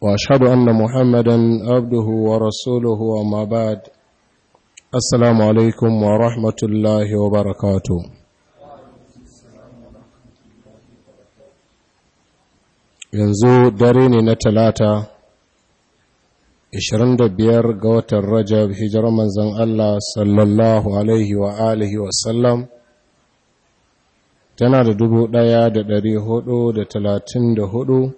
واشهد ان محمدا عبده ورسوله وما بعد السلام عليكم ورحمه الله وبركاته yanzu dare ne na talata 25 ga watan rajab hijirar manzan Allah sallallahu alaihi wa alihi wasallam tana da 1434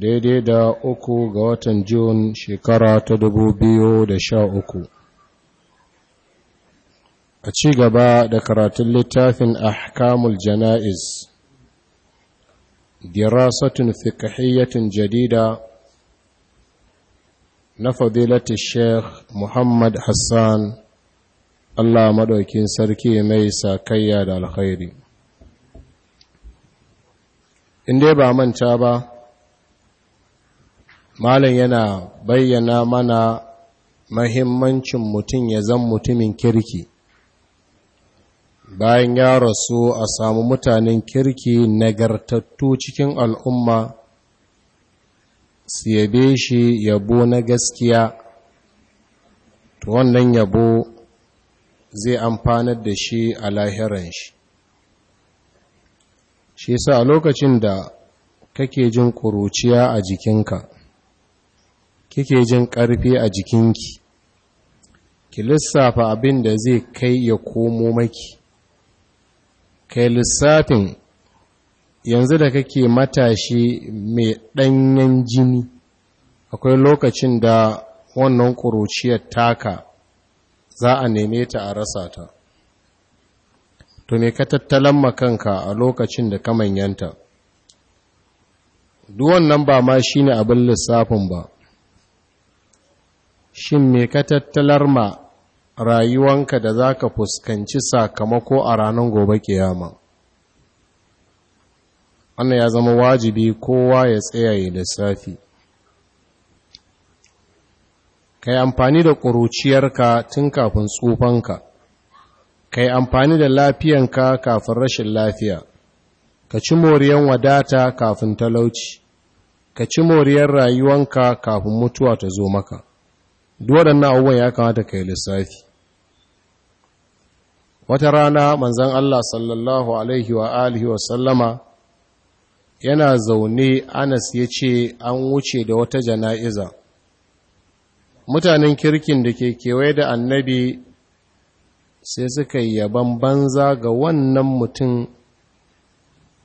daidai da uku ga watan Jun shekara ta dubu biyu da sha uku. A ci gaba da karatun littafin Ahkamul Jana'iz, dirasatun fikahiyyatin jadida na fadilata Sheikh Muhammad Hassan, Allah maɗaukin sarki mai sakayya da alkhairi. In dai ba manta ba, malam yana bayyana mana mahimmancin mutum ya zan mutumin kirki bayan ya rasu a samu mutanen kirki nagartattu cikin al'umma su yabe shi yabo na gaskiya to wannan yabo zai amfanar da shi a lahiran shi shi sa lokacin da kake jin kuruciya a jikinka kike jin ƙarfi a jikinki ki lissafa abin da zai kai ya komo maki kai lissafin yanzu da kake matashi mai ɗanyen jini akwai lokacin da wannan ƙuruciyar taka za a neme ta a rasa ta to me ka tattalan makanka a lokacin da ka manyanta Duwannan ba ma shi ne abin lissafin ba shin me ka tattalar ma rayuwanka da za ka fuskanci sakamako a ranar gobe kiyama Ana ya zama wajibi kowa ya tsayaye lissafi ka yi amfani da ƙuruciyarka tun kafin tsufanka ka yi amfani da lafiyanka kafin rashin lafiya ka ci moriyan wadata kafin talauci ka ci moriyar rayuwanka kafin mutuwa ta zo maka na abubuwan ya kamata ka yi lissafi wata rana manzan Allah sallallahu alaihi wa alihi wa sallama yana zaune anas ya ce an wuce da wata jana'iza mutanen kirkin da ke kewaye da annabi sai suka yi yaban banza ga wannan mutum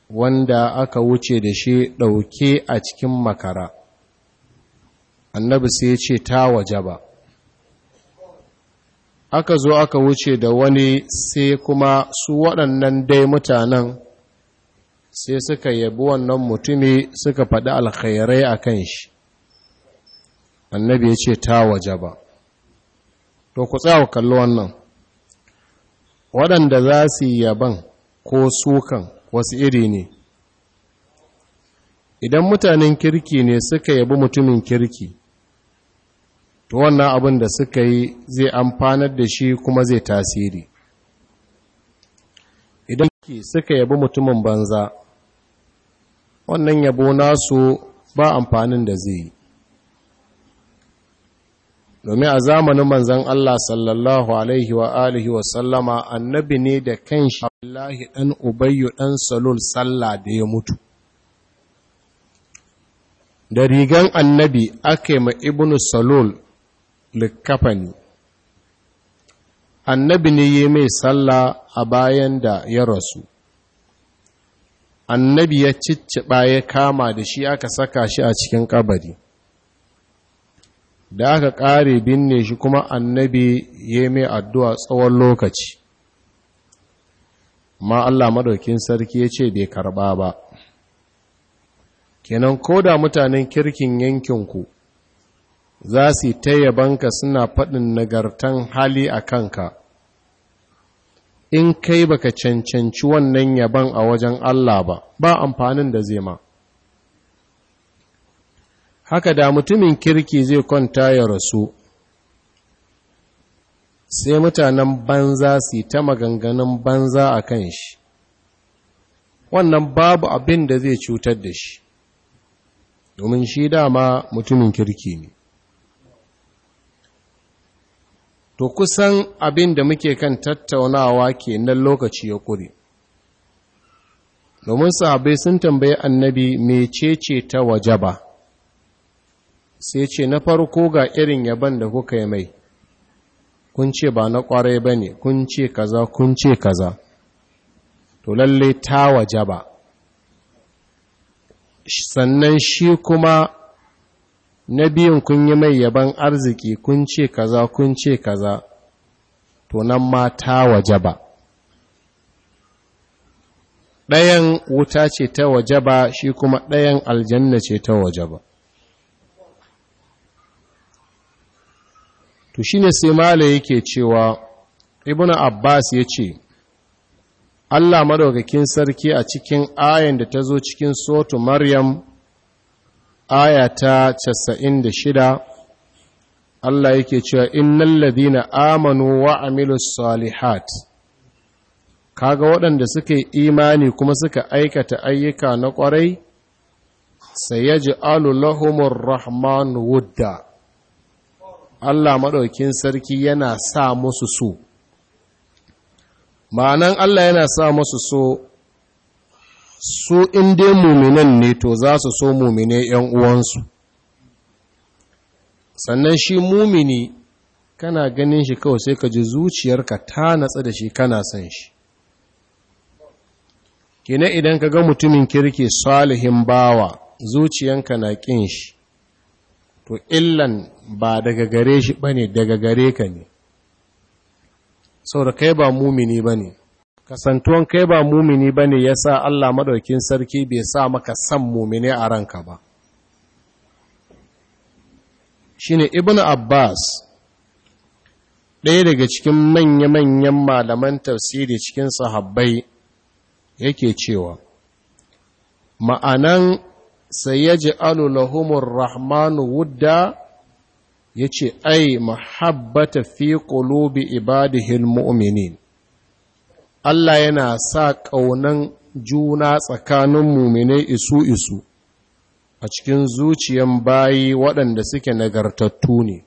wanda aka wuce da shi ɗauke a cikin makara annabi sai ya ce ta waje ba aka zo aka wuce da wani sai kuma su waɗannan dai mutanen sai suka yabi wannan mutumi suka faɗi alkhairai a kan shi annabi ya ce ta waje ba to ku tsawo kalli wannan waɗanda za su yi yaban ko sukan wasu iri ne idan mutanen kirki ne suka yabi mutumin kirki to wannan abin da suka yi zai amfanar da shi kuma zai tasiri idan ki suka yabi mutumin banza wannan yabo nasu ba amfanin da zai yi domin a zamanin manzan Allah sallallahu alaihi wa alihi wa sallama annabi ne da kanshi Allahi ɗan Ubayyu ɗan Salul sallah da ya mutu da rigan annabi aka ma ibnu Salul likafani annabi ne ya mai sallah a bayan da ya rasu annabi ya cicciɓa ya kama da shi aka saka shi a cikin kabari da aka ƙare binne shi kuma annabi ya mai addu'a tsawon lokaci ma Allah madaukin sarki ya ce bai karɓa ba kenan ko da mutanen kirkin yankinku za su ta yabanka suna faɗin nagartan hali a kanka in kai baka cancanci wannan yaban a wajen Allah ba ba amfanin da zai ma haka da mutumin kirki zai kwanta ya rasu sai mutanen banza su ta maganganun banza a kan shi wannan babu abin da zai cutar da shi domin shi dama mutumin kirki ne to kusan abin da muke kan tattaunawa ke nan lokaci ya ƙure domin sahabai sun tambayi annabi mecece ta wajaba sai ce na farko ga irin yaban da kuka yi mai kun ce ba na kwarai ba ne kun ce kaza kun ce kaza to lalle ta wajaba sannan shi kuma na biyun kun yi mai yaban arziki kun ce kaza kun ce kaza to nan ma ta waje ba ɗayan wuta ce ta waje ba shi kuma ɗayan aljanna ce ta waje ba. to ne sai mala yake cewa ibnu abbas ya ce Allah madaukakin sarki a cikin ayan da ta zo cikin sotu maryam aya ta 96 Allah yake cewa innal ladina amanu wa amilus salihat kaga waɗanda suka yi imani kuma suka aikata ayyuka na ƙwarai sayaj'alu lahumur rahman wudda Allah maɗaukin sarki yana sa musu su, ma'anan Allah yana sa musu su. su inda muminan ne to za su so mumine ‘yan uwansu sannan shi mumini kana ganin shi kawai sai ka ji zuciyarka ta natsa da shi kana san shi kina idan ka ga mutumin kirki salihin bawa zuciyanka na ƙin shi to illan ba daga gare shi bane ne daga gare ka ne sau kai ba mumini ba ne kasantuwan kai ba mumini ba ne ya sa Allah maɗaukin sarki bai sa maka san mumini a ranka ba shi ne ibn abbas ɗaya daga cikin manya-manyan malaman tafsiri cikin sahabbai yake cewa ma'anan sai ya ji alulahumun rahmanu wudda ya ce ai mahabbata fi ƙulubi ibadihin mu'minin Allah yana sa ƙaunan juna tsakanin muminai isu isu a cikin zuciyan bayi waɗanda suke nagartattu ne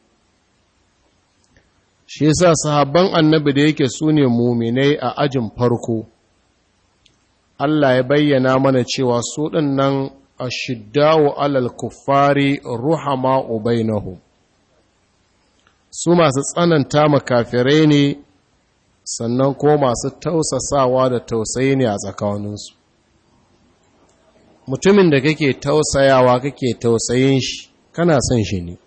shi sa sahabban annabi da yake su ne muminai a ajin farko Allah ya bayyana mana cewa su ɗinnan a wa alal kuffari ruhama ubainahu su masu tsananta makafirai ne sannan ko masu tausasawa da tausayi ne a tsakaninsu mutumin da kake tausayawa kake tausayin shi kana son shi ne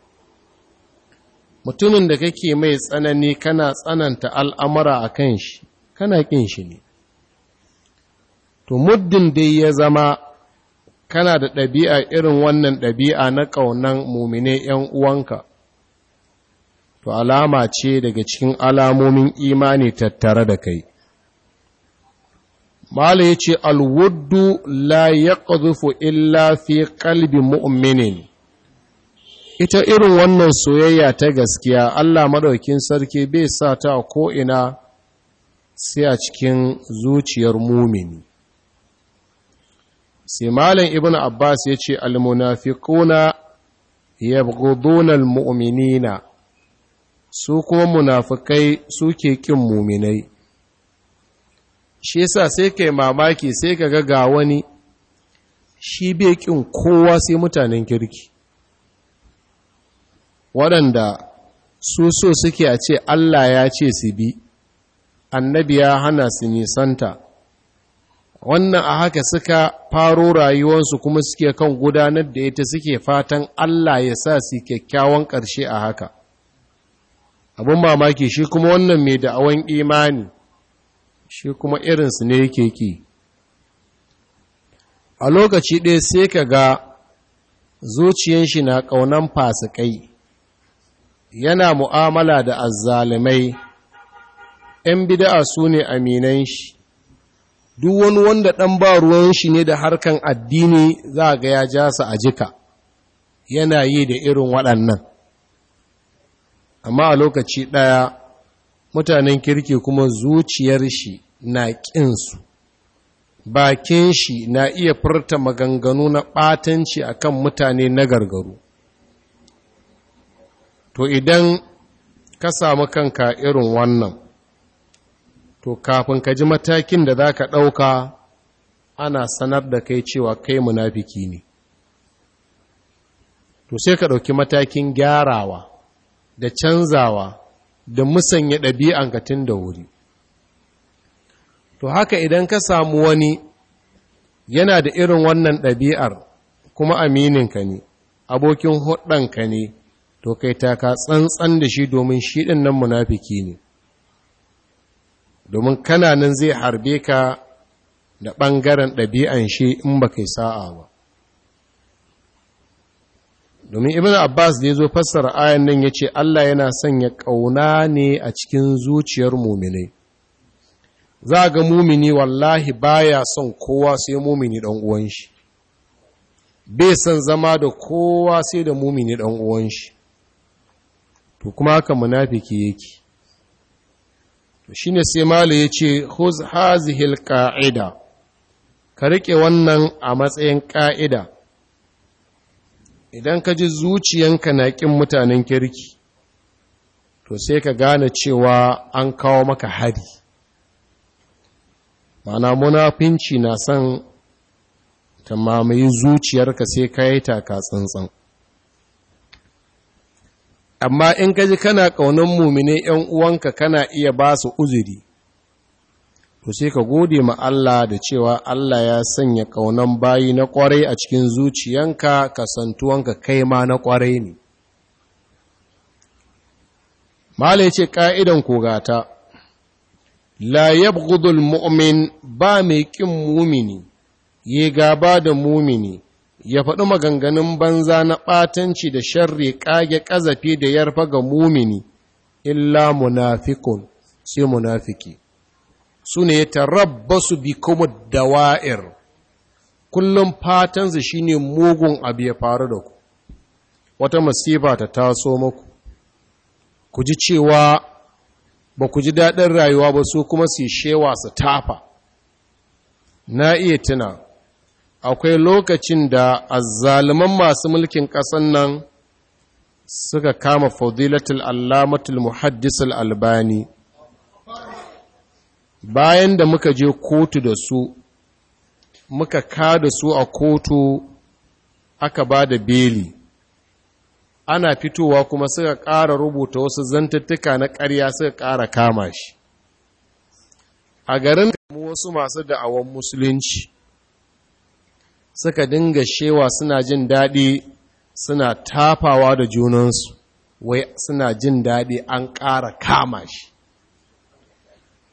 mutumin da kake mai tsanani kana tsananta al'amura a kan shi kana ƙin shi ne to muddin dai ya zama kana da ɗabi'a irin wannan ɗabi'a na ƙaunan mumine ‘yan uwanka to alama ce daga cikin alamomin imani tattare da kai mala yace, alwuddu la ya illa fi kalbi mu'minin ita irin wannan soyayya ta gaskiya Allah maɗaukin sarki bai sa ta ko'ina sai a cikin zuciyar mumini sai malam ibn abbas ya ce almunafiquna yabghuduna almu'minina su kuma munafukai suke kin muminai shi sa sai kai mamaki sai ka ga wani shi bai kin kowa sai mutanen kirki waɗanda su so suke a ce Allah ya ce su bi annabi ya hana su nisanta wannan a haka suka faro rayuwarsu kuma suke kan gudanar da ita suke fatan Allah ya sa su kyakkyawan ƙarshe a haka Abun mamaki shi kuma wannan mai da'awan imani shi kuma irinsu ne yake ki a lokaci ɗaya sai ka ga zuciyanshi shi na ƙaunan fasikai yana mu'amala da azzalimai ‘yan bida'a su ne aminan shi duk wani wanda ɗan ba ruwan shi ne da harkan addini za ga ya jasa a jika yana yi da irin waɗannan amma a lokaci ɗaya mutanen kirki kuma zuciyar shi na ƙinsu bakin shi na iya furta maganganu na ɓatanci akan mutane na gargaru to idan ka samu kanka irin wannan to kafin ka ji matakin da za ka ɗauka ana sanar da kai cewa kai munafiki ne to sai ka ɗauki matakin gyarawa da canzawa da musanya ɗabi'anka tun da wuri to haka idan ka samu wani yana da irin wannan ɗabi'ar kuma amininka ne abokin hudanka ne to kai taka tsantsan da shi domin shi ɗin nan munafiki ne domin kananan zai harbe ka da ɓangaren ɗabi'an shi in ba kai sa'a ba domin ibn abbas da ya zo fassara ayan nan ya ce allah yana sanya ƙauna ne a cikin zuciyar mumini za ga mumini wallahi baya son kowa sai mumini dan uwanshi. shi bai son zama da kowa sai da mumini ɗan shi to kuma haka munafiki yake to shine sai malu ya ce huz hazihil ƙa'ida ka riƙe wannan a matsayin ƙa'ida idan ka ji zuciyanka na ƙin mutanen kirki to sai ka gane cewa an kawo maka hari mana munafinci na son ta mamaye zuciyarka sai ka yi taka tsantsan amma in ka ji kana ƙaunar mumine ‘yan uwanka kana iya ba su uzuri to sai ka gode ma Allah da cewa Allah ya sanya kaunan bayi na kwarai a cikin zuciyanka kasantuwanka kai ma na kwarai ne mala ya ce ƙa'idan kogata la mu'min ba mai ƙin mumini ya gaba da mumini ya faɗi maganganun banza na ɓatanci da sharri ƙage ƙazafi da yarfa ga mumini illa munafikun sai munafiki su ne su bi kuma dawa'ir kullum fatansu shine mugun abu ya faru da ku wata masifa ta taso maku ku ji cewa ba ku ji daɗin rayuwa ba su kuma su shewa su tafa na iya tuna akwai lokacin da azzaliman masu mulkin ƙasan nan suka kama fadilatul allamatul muhaddisul albani bayan da muka je kotu da su muka ka da su a kotu aka ba da beli ana fitowa kuma suka ƙara rubuta wasu zantattuka na ƙarya suka ƙara kama shi a garin mu wasu masu da'awan musulunci suka dinga shewa suna jin daɗi suna tafawa da junansu wai suna jin daɗi an ƙara kama shi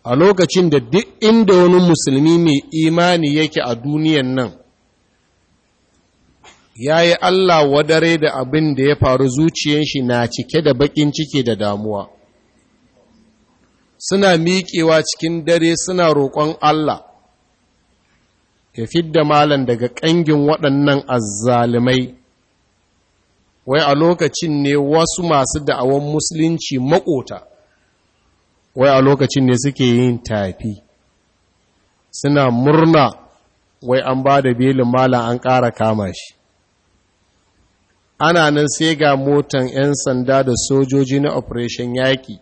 a lokacin da duk inda wani musulmi mai imani yake a duniyan nan ya yi Allah wadare da abin da ya faru zuciyan shi na cike da bakin cike da damuwa suna miƙewa cikin dare suna roƙon Allah ya fidda malan daga ƙangin waɗannan azzalumai wai a lokacin ne wasu masu da'awan musulunci maƙota wai a lokacin ne suke yin tafi suna murna wai an ba da belin malam an ƙara kama shi ana nan sai ga motan 'yan sanda da sojoji na operation yaƙi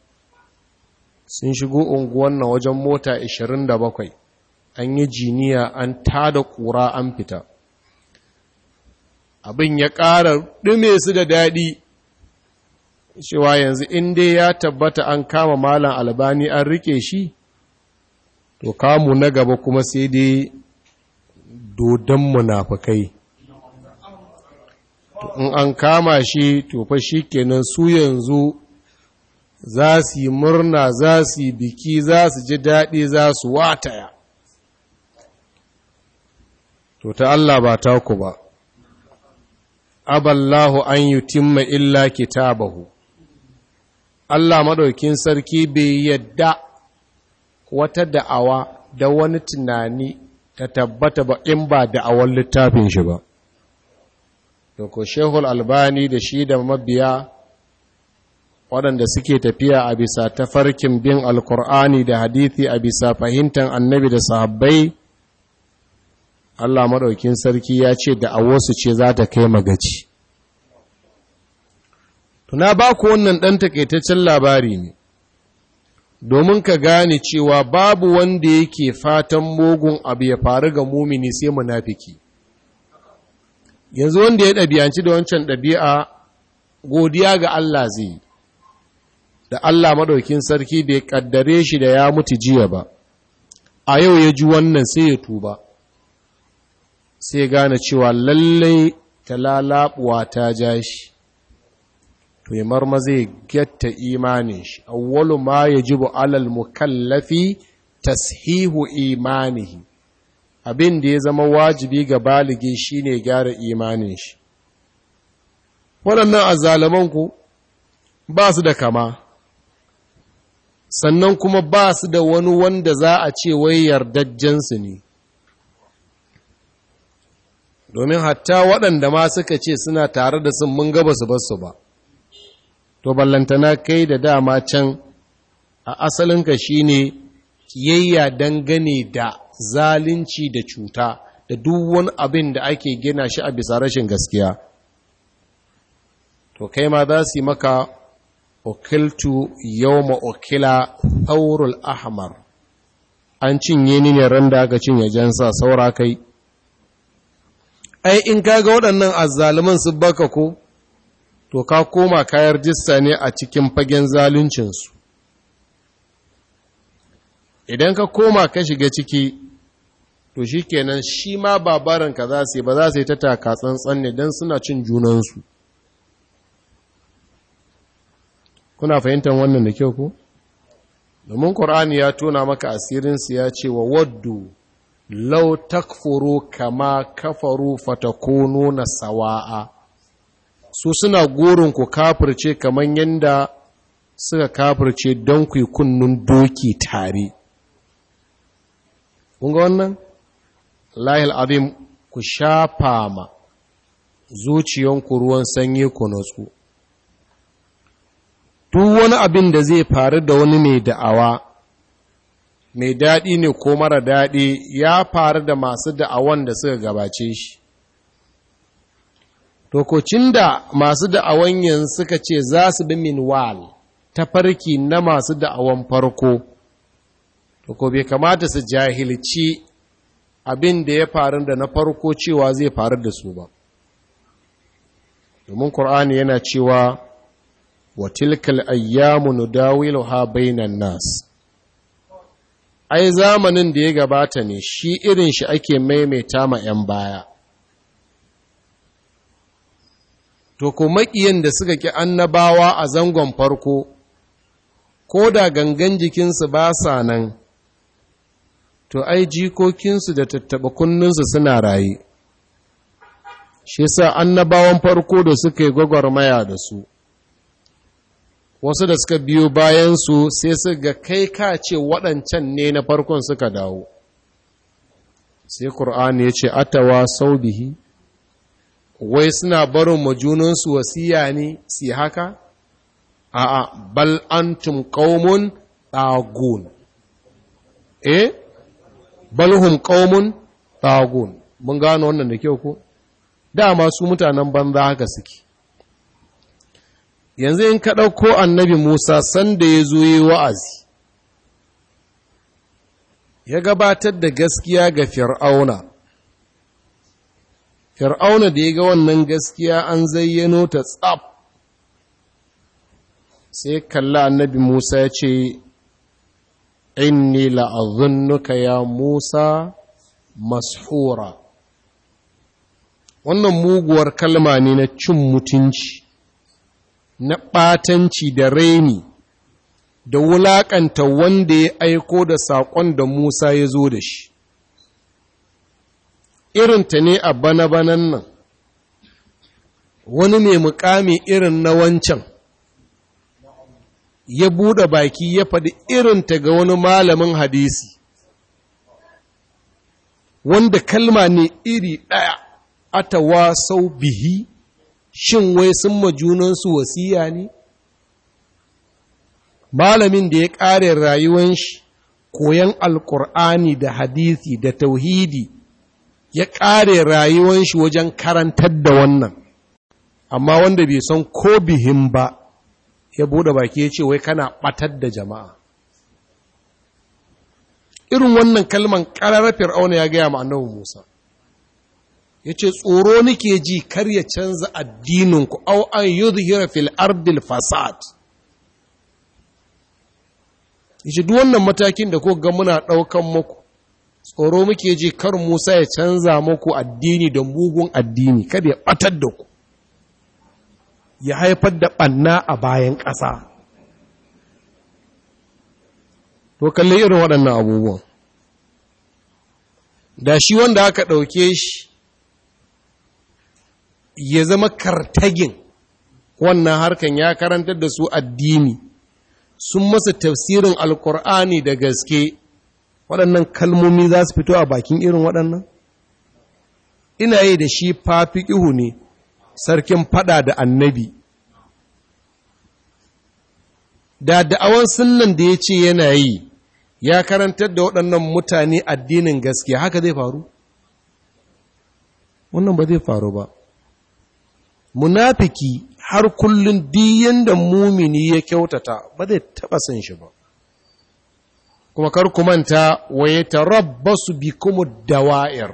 sun shigo unguwan na wajen mota 27 an yi jiniya an tada ƙura an fita abin ya ƙara ɗume su da daɗi cewa yanzu in dai ya tabbata an kama malam albani an rike shi to kamu na gaba kuma sai dai dodon munafakai to in an kama shi to fa kenan su yanzu za su yi murna za su yi biki za su ji daɗi za su wataya to ta Allah ba ta ku ba aballahu an timma illa kitabahu Allah maɗaukin sarki bai yadda wata da'awa da wani tunani ta tabbata ba in ba da'awar littafin shi ba. Doko Shehul Albani da shi da mabiya waɗanda suke tafiya a bisa tafarkin bin Alkur'ani da hadithi a bisa fahimtar annabi da sahabbai, Allah maɗaukin sarki ya ce da'awarsu ce za ta kai magaci. na ba ku wannan ɗan takaitaccen labari ne domin ka gane cewa babu wanda yake fatan mugun abu ya faru ga mumini sai munafiki yanzu wanda ya ɗabi'anci da wancan ɗabi'a godiya ga Allah zai da Allah maɗaukin sarki bai ƙaddare shi da ya mutu jiya ba a yau ya ji wannan sai ya tuba sai gane cewa lallai ta lalabuwa ta ja shi to ya marmaze gyatta imanin shi awwalu ma ya ji alal mukallafi tashihu imanihi abin da ya zama wajibi ga baligi shine gyara imanin shi waɗannan azzalaman ku ba su da kama sannan kuma ba su da wani wanda za a ce wai yardajjensu ne domin hatta waɗanda ma suka ce suna tare da sun mun gaba su basu ba to ballantana kai da dama can a asalinka shi ne kiyayya dangane da zalunci da cuta da duk wani abin da ake gina shi a bisa rashin gaskiya to kai ma za su yi maka okiltu yau okila thaurul ahmar an cinye ni ne ran da aka cinye jansa saura kai ai in kaga waɗannan azzaluman su baka ko to ka koma kayar jista ne a cikin fagen zaluncinsu idan ka koma ka shiga ciki to shi kenan shi ma babaranka za su yi ba za su yi ta taka tsantsan ne don suna cin junansu kuna fahimtar wannan da kyau ku? domin ƙorani ya tona maka asirinsu ya ce wa waddu lau takforo kama kafaru fatakunu na sawa'a su suna goron ku kafirce kamar yadda suka kafirce don ku yi kunnun doki tare kun wannan lahil abin ku shafa ma zuciyanku ruwan sanyi ku natsu duk wani abin da zai faru da wani mai da'awa mai daɗi ne ko mara daɗi ya faru da masu da'awan da suka gabace shi Tokocin da masu da'awan yanzu suka ce za su bi minwal ta farki na masu da'awan farko to ko bai kamata su jahilci abin da ya faru da na farko cewa zai faru da su ba domin ƙur'ani yana cewa wa tilkal ayyamu ha bainan nas ai zamanin da ya gabata ne shi irin shi ake maimaita ma 'yan baya to ko maƙiyan da suka ki annabawa a zangon farko ko da gangan jikinsu ba sa nan to ai jikokinsu da tattaɓa kunninsu suna raye shi sa annabawan farko da suka yi gwagwarmaya da su wasu da suka biyo bayansu sai su ga kai ka ce waɗancan ne na farkon suka dawo sai ƙur'ani ya ce atawa sau bihi wai suna barin majunansu wasiya ne su haka a'a bal antum qaumun tagun eh bal hum tagun mun gano wannan da kyau ko dama su mutanen banza haka suke yanzu in ka ɗauko annabi Musa sanda ya zo yi wa'azi ya gabatar da gaskiya ga fir'auna fir'auna da ya ga wannan gaskiya an zayyano ta tsab sai kalla annabi musa ya ce inni la'azunnuka ya musa mashura wannan muguwar kalma ne na cin mutunci na ɓatanci da raini da wulaƙanta wanda ya aiko da saƙon da musa ya zo da shi irinta ne a bana-banan nan wani mai mukami irin na wancan ya buɗe baki ya faɗi irinta ga wani malamin hadisi wanda kalma ne iri ɗaya atawa sau bihi shin wai sun majunansu wasiya ne malamin da ya ƙare rayuwan shi koyan alƙur'ani da hadisi da tauhidi ya ƙare rayuwan shi wajen karantar da wannan amma wanda bai san ko bihin ba ya bude baki ya ce wai kana ɓatar da jama'a irin wannan kalman ƙararrafin fir'auna ya gaya ma musa ya ce tsoro nake ji kar ya canza addininku au an yi yuzhira fil ardil fasad ce duk wannan matakin da ko ga muna ɗaukan muku tsoro muke ji kar Musa ya canza muku addini da mugun addini kada ya batar da ku ya haifar da ɓanna a bayan ƙasa to kalli irin waɗannan abubuwan da shi wanda aka ɗauke shi ya zama kartagin wannan harkan ya karantar da su addini sun masa tafsirin alkur'ani da gaske waɗannan kalmomi za su fito a bakin irin waɗannan ina yi da shi fafiƙihu ne sarkin faɗa da annabi da da'awan sunan da ya ce yana yi ya karantar da waɗannan mutane addinin gaskiya haka zai faru wannan ba zai faru ba munafiki har kullum diyan da mumini ya kyautata ba zai taɓa san shi ba kuma kar ku manta wa bi bikum dawa'ir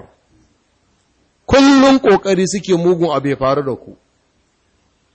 kullun kokari suke mugun abu ya faru da ku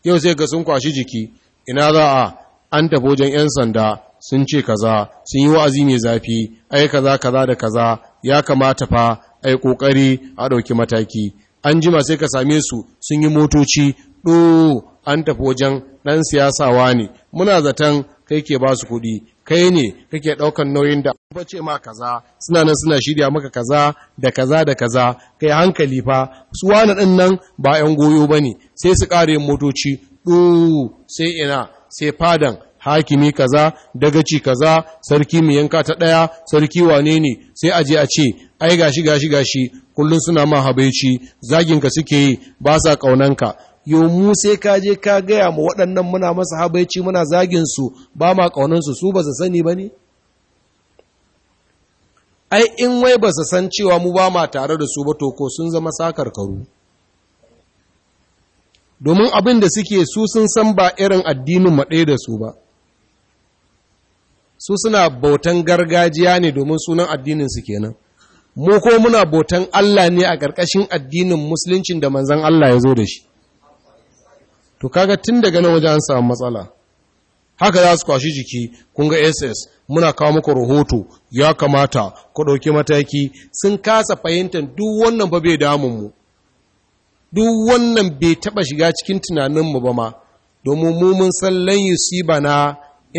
yau sai ga sun kwashi jiki ina za a an tafi wajen yan sanda sun ce kaza sun yi wa'azi mai zafi ai kaza kaza da kaza ya kamata fa ai ƙoƙari a ɗauki mataki an jima sai ka same su sun yi motoci ɗo an tafi wajen ɗan wa ne muna zaton kai ke ba su kuɗi kai ne kake ɗaukan nauyin da ba ce ma kaza suna nan suna shirya maka kaza da kaza da kaza kai hankali fa su wani din nan ba 'yan goyo bane sai su kare motoci ɗu sai ina sai fadan hakimi kaza dagaci kaza sarki mu yanka ta ɗaya sarki wane ne sai a je a ce ai gashi gashi gashi kullun suna ma habaici ka suke yi ba sa ƙaunanka yomu sai ka je ka gaya ma waɗannan muna masa habaici muna zagin su ba ma ƙaunansu su ba su sani ba ne ai in wai ba su san cewa mu ba ma tare da su ba to sun zama sakar karu. domin abin da suke su sun san ba irin addinin maɗe da su ba su suna bautan gargajiya ne domin sunan addinin su kenan mu ko muna bautan Allah ne a ƙarƙashin addinin musuluncin da manzon Allah ya zo da shi to kaga tun daga nan wajen an samu matsala haka za su kwashi jiki kun ga ss muna kawo muku rahoto ya kamata ku ɗauki mataki sun kasa fahimtar duk wannan ba bai damunmu duk wannan bai taɓa shiga cikin tunaninmu ba ma domin mu mun san lan na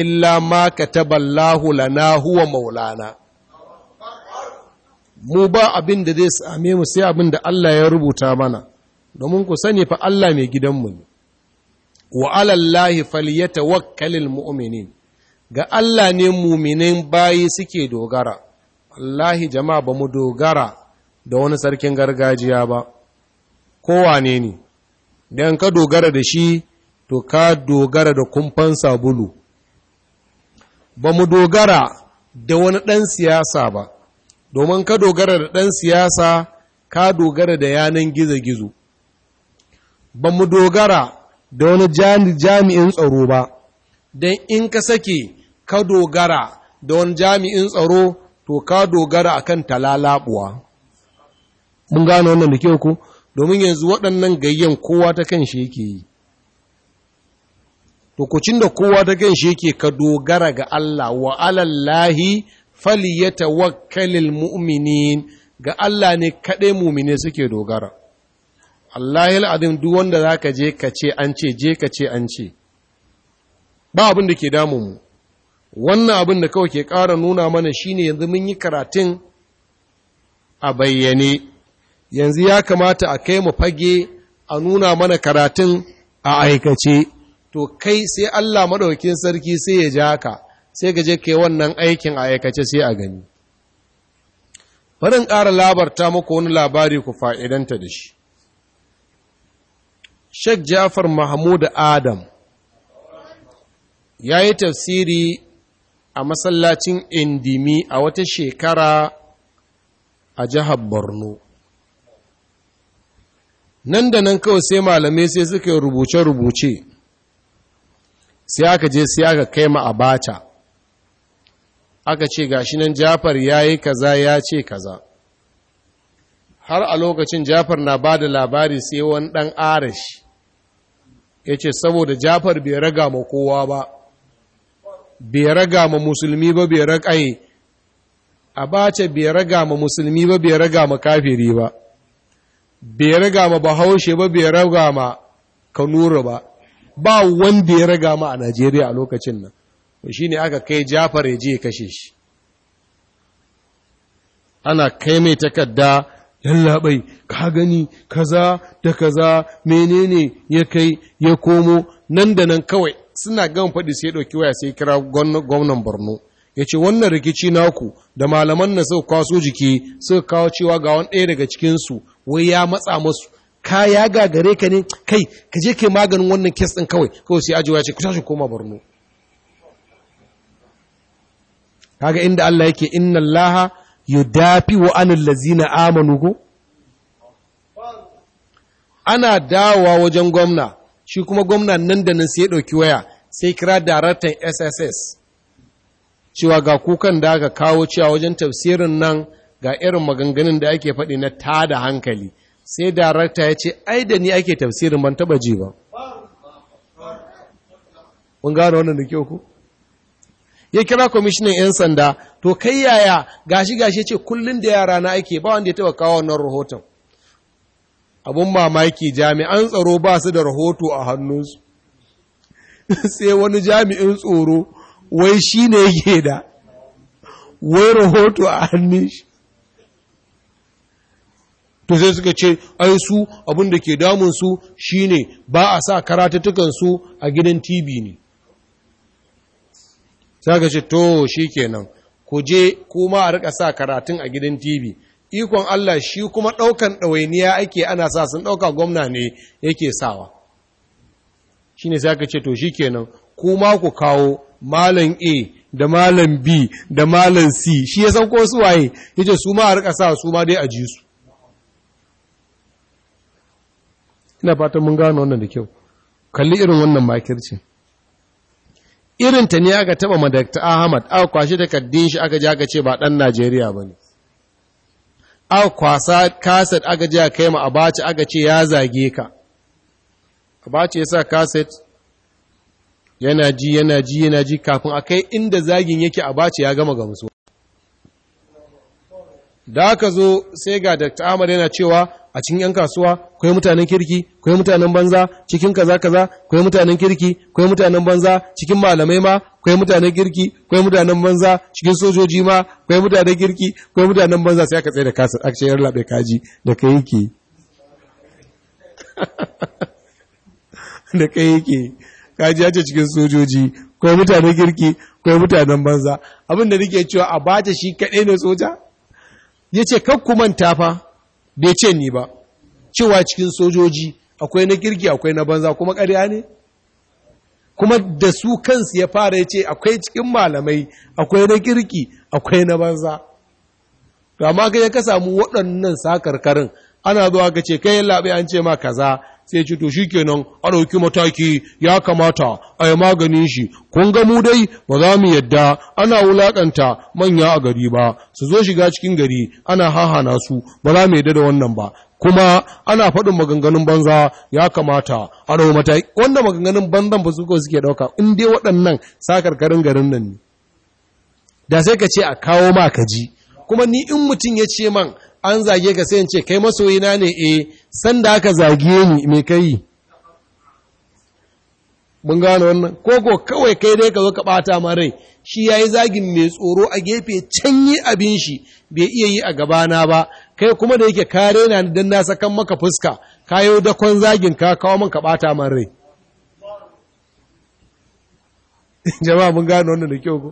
illa ma kataballahu lana huwa maulana mu ba abin da zai same mu sai abin da Allah ya rubuta mana domin ku sani fa Allah mai gidanmu ne wa alallahi wakkalin mu'minin ga Allah ne muminin bayi suke dogara wallahi jama'a ba mu dogara da wani sarkin gargajiya ba kowa ne dan ka dogara da shi to ka dogara da kumfan sabulu ba mu dogara da wani ɗan siyasa ba domin ka dogara da ɗan siyasa ka dogara da yanan gizo-gizo ba mu dogara da wani jami'in tsaro ba don in ka sake ka dogara da wani jami'in tsaro to ka dogara a kan talalabuwa mun gano wannan da kyau ku domin yanzu waɗannan gayyan kowa ta kan shi yake yi to kucin da kowa ta kan shi yake ka dogara ga Allah wa alallahi falyatawakkalul mu'minin ga Allah ne kaɗai mu'mini suke dogara Allah al'adun duk wanda za ka je ka ce an ce je ka ce an ce ba abin da ke damunmu wannan abin da kawai ke ƙara nuna mana shine yanzu mun yi karatun a bayyane yanzu ya kamata a kai mu fage a nuna mana karatun a aikace to kai sai Allah maɗaukin sarki sai ya ja ka sai ka je kai wannan aikin a aikace sai a gani Farin ƙara labarta muku wani labari ku fa'idanta da shi Sheikh Jafar Mahmud Adam ya yi tafsiri a masallacin Indimi a wata shekara a jihar Borno. Nan da nan kawai sai malamai sai suka rubuce-rubuce, sai aka je sai aka kai ma abata. Aka ce gashi nan Jafar ya yi kaza ya ce kaza. har a lokacin jafar na ba da labari sai wani ɗan arash ya ce saboda jafar bai raga ma kowa ba bai raga ma musulmi ba bai ragaye a bace bai raga ma musulmi ba bai raga ma kafiri ba bai raga ma bahaushe ba bai raga ma kanura ba ba wanda ya raga ma a najeriya a lokacin nan shi ne aka kai jafar ya je ya kashe shi ana kai mai takarda yallaɓai ka gani kaza da kaza menene ya kai ya komo nan da nan kawai suna gan faɗi sai ɗauki waya sai kira gwamnan borno ya ce wannan rikici naku da malaman na suka kwaso jiki suka kawo cewa ga wani ɗaya daga cikinsu wai ya matsa masu ka ya gagare ka ne kai ka je ke maganin wannan kes ɗin kawai kawai sai ajiwa ya ce ku tashi koma borno kaga inda Allah yake inna Laha. yudafi wa anil lazina amanu ko ana dawowa wajen gwamna shi kuma gwamna nan da nan sai ya ɗauki waya sai kira daraktan sss cewa ga kukan da aka kawo cewa wajen tafsirin nan ga irin maganganun da ake faɗi na tada hankali sai darakta ya ce ai da ni ake tafsirin ban taba ji ba kun gano wannan da kyau ku ya kira kwamishinan 'yan sanda to kai yaya gashi gashi ce kullum da yara na ake ba wanda ya taba kawo wannan rahoton abun mamaki jami'an tsaro ba su da rahoto a hannunsu sai wani jami'in tsoro wai shi ne yake da wai rahoto a hannun shi to sai suka ce ai su abin da ke damun su shine ba a sa karatattukan su a gidan tv ne za ka ce to shi kenan ku je kuma a rika sa karatun a gidan tv ikon Allah shi kuma ɗaukan ɗawainiya ake ana sa sun ɗauka gwamna ne yake sawa shi ne sai ce to shi kenan kuma ku kawo malam a da malam b da malam c shi ya sauko ko su waye yace su ma a rika sa su ma dai a ji su ina fatan mun gano wannan da kyau kalli irin wannan makircin Irin ta ne aka taba madakta ahmad aka kwashi kaddin shi aka ji aka ce ba ɗan najeriya ba ne aka kwasa kaset aka ji aka kai ma abaci aka ce ya zage ka abaci ya sa kaset yana ji yana ji yana ji kafin a kai inda zagin yake abaci ya gama gamsuwa da aka zo sai ga Dr. Ahmad yana cewa a cikin yan kasuwa kwaye mutanen kirki kwaye mutanen banza cikin kaza kaza kwaye mutanen kirki kwaye mutanen banza cikin malamai ma kwaye mutanen kirki kwaye mutanen banza cikin sojoji ma kwaye mutanen kirki kwaye mutanen banza sai aka tsaye da kasar aka ce yarlabe kaji da kai yake da kai yake kaji ya ce cikin sojoji kwaye mutanen kirki kwaye mutanen banza abin da nake cewa a bace shi kaɗai ne soja ya ce ku manta fa bai ce ni ba cewa cikin sojoji akwai na kirki akwai na banza kuma ƙarya ne kuma da su kansu ya fara ya ce akwai cikin malamai akwai na kirki akwai na banza to amma ya ka samu waɗannan sakarkarin ana zuwa ka ce kai labe an ce ma kaza sai ce to shikenan a ɗauki mataki ya kamata a yi maganin shi kun ga mu dai ba za mu yadda ana wulakanta manya a gari ba su zo shiga cikin gari ana hahana su ba za mu yadda da wannan ba kuma ana faɗin maganganun banza ya kamata a mataki wanda maganganun banzan ba su ko suke ɗauka in dai waɗannan sakar karin garin nan ne da sai ka ce a kawo ma ka ji kuma ni in mutum ya ce man an zage ka sai ce kai masoyina ne eh sanda aka zage ni me kai mun gano wannan koko kawai kai dai ka zo ka bata ma rai shi yayi zagin mai tsoro a gefe can yi abin shi bai iya yi a gabana ba kai kuma da yake kare na dan na sakan maka fuska kayo dakon zagin ka kawo min ka bata ma rai jama'a mun gano wannan da kyau ko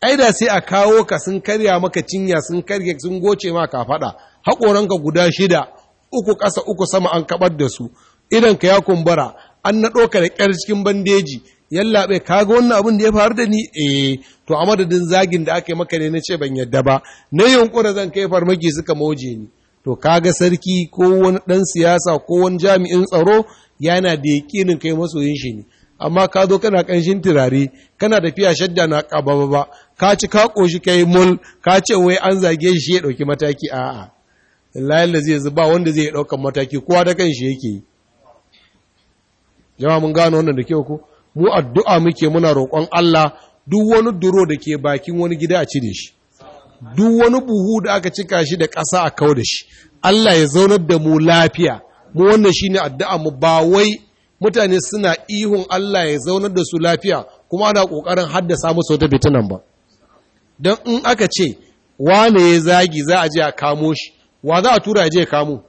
ai da sai a kawo ka sun karya maka cinya sun karya sun goce maka ka faɗa haƙoranka guda shida uku ƙasa uku sama an kaɓar da su idan ka ya kumbura an naɗo ka da ƙyar cikin bandeji yallaɓe kaga wannan abin da ya faru da ni eh to a madadin zagin da aka yi maka ne na ce ban yadda ba na yunƙura zan kai farmaki suka moje ni to kaga sarki ko wani ɗan siyasa ko wani jami'in tsaro yana da yaƙinin kai masoyin shi ne amma ka zo kana ƙanshin turare kana tafiya shadda na ba ka ci ka ƙoshi ka yi mul ka ce wai an zage shi ya ɗauki mataki a'a layan da zai zuba wanda zai ɗaukan mataki kowa da kan shi yake yi jama'a mun gano wannan da ke ku mu addu'a muke muna roƙon Allah duk wani duro da ke bakin wani gida a cire shi duk wani buhu da aka cika shi da ƙasa a kawo da shi Allah ya zaunar da mu lafiya mu wannan shine addu'a mu ba wai mutane suna ihun Allah ya zaunar da su lafiya kuma ana ƙoƙarin haddasa musu wata fitinan ba don in aka ce wane ya zagi za a je a kamo shi wa za a tura ya je ya kamo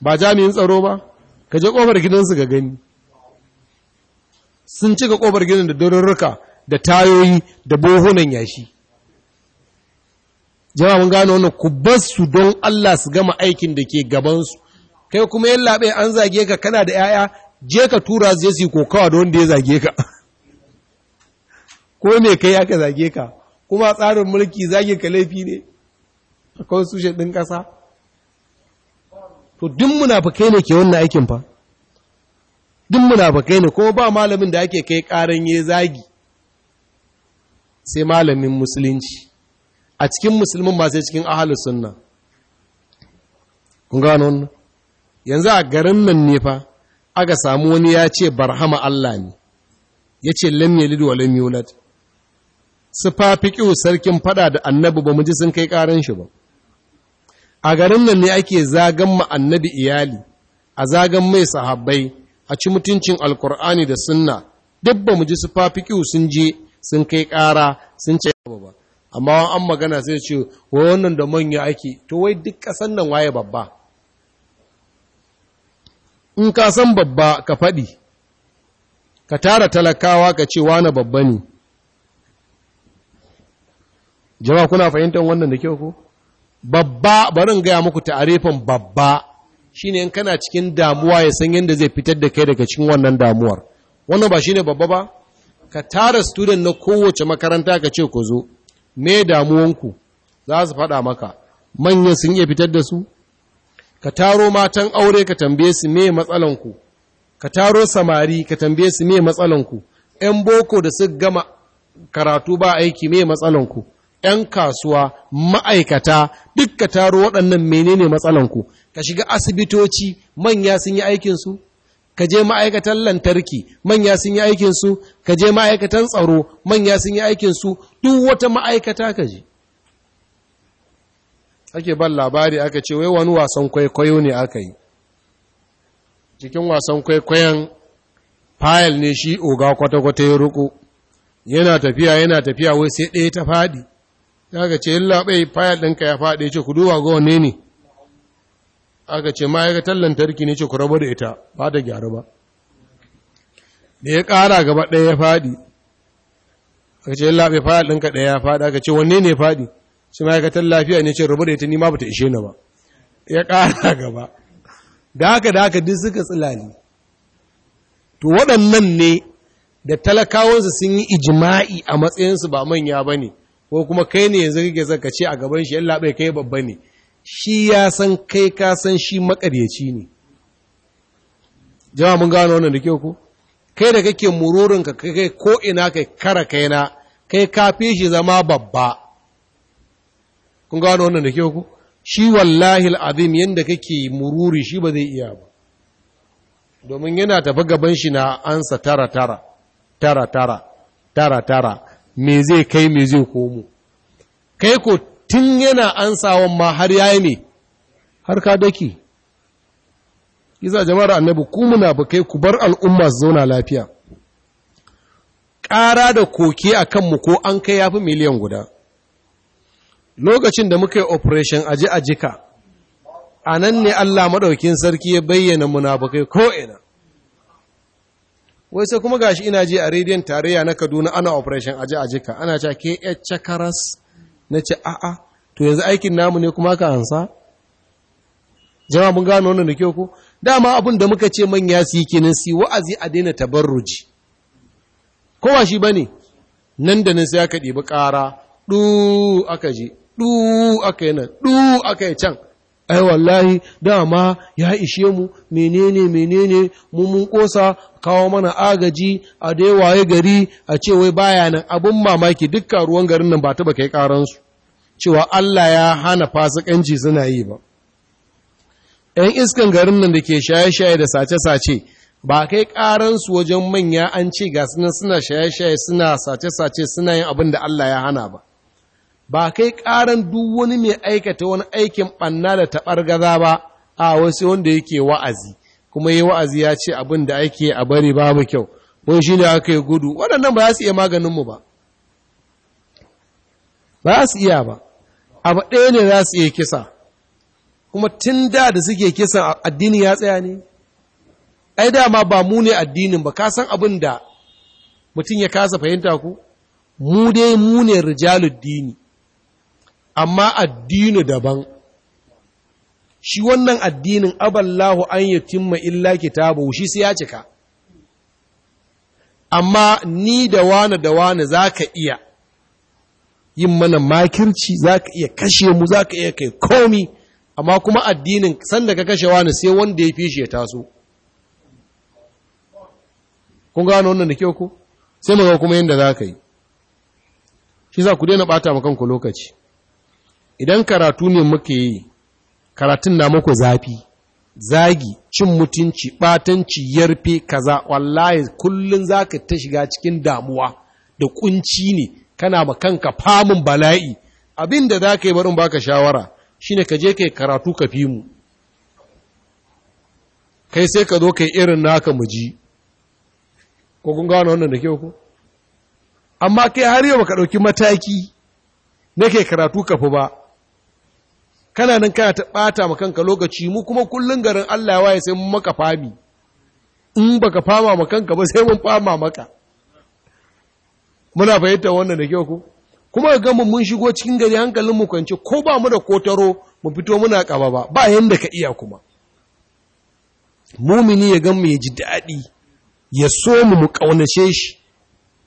ba jami'in tsaro ba ka je ƙofar gidansu ga gani sun cika ƙofar gidan da dorurruka da tayoyi da bohunan yashi jama'a mun gane wannan ku su don Allah su gama aikin da ke gabansu kai kuma yin labe an zage ka kana da yaya je ka tura su je su kokawa da wanda ya zage ka ko me kai aka zage ka kuma tsarin mulki zagin ka laifi ne a su ɗin ƙasa to duk munafukai ne ke wannan aikin fa duk munafukai ne kuma ba malamin da ake kai ƙaran ya zagi sai malamin musulunci a cikin musulmin ba sai cikin ahalus sunna kun gano wannan yanzu a garin nan ne fa aka samu wani ya ce barhama Allah ne ya ce lamye Lidu wa lamye yulad su sarkin fada da annabi ba mu ji sun kai ƙaran shi ba a garin nan ne ake zagan ma annabi iyali a zagan mai sahabbai a ci mutuncin alkur'ani da sunna duk ba mu ji su sun je sun kai ƙara sun ce ba amma an magana sai ce wai wannan da manya ake to wai duk ƙasan nan waye babba in ka san babba ka faɗi ka tara talakawa ka ce wane babba ne jama'a kuna fahimtar wannan da kyau ko babba barin gaya muku ta'arifin babba shine in kana cikin damuwa ya san yadda zai fitar da kai daga cikin wannan damuwar wannan ba shine babba ba ka tara student na kowace makaranta ka ce ku zo me damuwanku za su faɗa maka manyan sun iya fitar da su ka taro matan aure ka tambaye su me matsalanku ka taro samari ka tambaye su me matsalanku ‘yan boko da su gama karatu ba aiki me matsalanku ‘yan kasuwa, ma'aikata, dukka taro waɗannan menene matsalanku, ka shiga asibitoci manya sun yi aikinsu, ka je ma'aikatan lantarki manya sun yi aikinsu, ka je ma'aikatan tsaro manya sun yi aikinsu, duk wata ma'aikata ka je. Ake ban labari aka ce, wai wani wasan kwaikwayo ne aka yi. Cikin wasan kwaikwayon fayil ne shi oga kwata-kwata ya ruku, yana tafiya yana tafiya wai sai ɗaya ta faɗi. aka ce yin labai fayil ɗinka ya faɗe ce ku duba ga wanne ne aka ce ma'aikatar lantarki ne ce ku rabu da ita ba da gyaru ba da ya ƙara gaba ɗaya ya faɗi aka ce yin labai fayil ɗinka ɗaya ya faɗi aka ce wanne ne faɗi shi ma'aikatar lafiya ne ce rabu da ita ni ma ba ta ishe na ba ya ƙara gaba da haka da haka duk suka tsilali to waɗannan ne da talakawansu sun yi ijima'i a matsayinsu ba manya ba ne ko kuma kai ne yanzu kake son ka ce a gaban shi Allah bai kai babba ne shi ya san kai ka san shi makaryaci ne jama'a mun gano wannan da kyau ko kai da kake mururin ka kai ko ina kai kara kaina kai ka fi shi zama babba kun gano wannan da kyau ko shi wallahi al'azim yadda kake mururi shi ba zai iya ba domin yana tafi gaban shi na ansa tara tara tara tara tara tara me zai kai me zai komo kai ko tun yana ansawan ma har yayi ne har ka daki iza jama'ar annabi ku muna bakai ku bar al'umma su zauna lafiya ƙara da koke a kanmu ko an kai yafi miliyan guda lokacin da muka yi operation aji ajika a nan ne Allah maɗaukin sarki ya bayyana muna kai ko'ina wai sai kuma gashi ina je a rediyon tarayya na kaduna ana operation aji aji ka ana ce ke yacce karas na ce a'a to yanzu aikin namu ne kuma ka hansa jama mun gano wannan da kyau ko dama abin da muka ce manya su yi kenan su wa'azi a daina tabarruji kowa shi ba ne nan da nan sai aka ɗibi ƙara ɗu aka je ɗu aka yi nan ɗu aka yi can ai wallahi dama ya ishe mu menene menene mu mun kosa kawo mana agaji a da waye gari a ce wai baya nan Abin mamaki dukkan ruwan garin nan ba ta ba kai karan su cewa Allah ya hana fasikanci suna yi ba ‘Yan iskan garin nan da ke shaye-shaye da sace-sace, ba kai ƙaransu wajen manya an ce ga suna shaye-shaye suna sace-sace suna yin abin da Allah ya hana ba. ba kai ƙaran duk wani mai aikata wani aikin ɓanna da taɓargaza ba a wasu wanda yake wa'azi kuma yi wa'azi ya ce abin da ake a bari babu kyau mun shi ne aka yi gudu waɗannan ba za su iya maganinmu ba ba su iya ba abu ɗaya ne za su iya kisa kuma tun da da suke kisan addini ya tsaya ne ai dama ba mu ne addinin ba ka san abin da mutum ya kasa fahimta ku mu dai mu ne rijaluddini amma addini daban shi wannan addinin aballahu an timma illa kitabu shi sai ya cika amma ni da wani da wani zaka iya yin mana makirci zaka iya kashe mu zaka iya kai komi amma kuma addinin sanda ka kashe wani sai wanda ya fi shi ya taso kun gano wannan da kyau ko sai mu ga kuma yadda zaka yi shi za ku daina bata ma kanku lokaci idan karatu ne muke yi karatun na muku zafi zagi cin mutunci batanci yarfe kaza wallahi kullun zaka ta shiga cikin damuwa da kunci ne kana ma kanka famun bala'i abinda zaka yi barin baka shawara shine ka je kai karatu ka fi mu kai sai ka zo kai irin naka mu ji ko kun gano wannan da kyau ko amma kai har yau ka dauki mataki nake karatu kafi ba kana nan kana ta ɓata ma kanka lokaci mu kuma kullum garin Allah waye sai mun maka fami in baka fama ma kanka ba sai mun fama maka muna fahimta wannan da kyau ko kuma ga mu mun shigo cikin gari hankalin mu kwance ko ba mu da kotaro mu fito muna kaba ba ba yanda ka iya kuma mumini ya gan mu ya ji daɗi ya so mu mu kaunace shi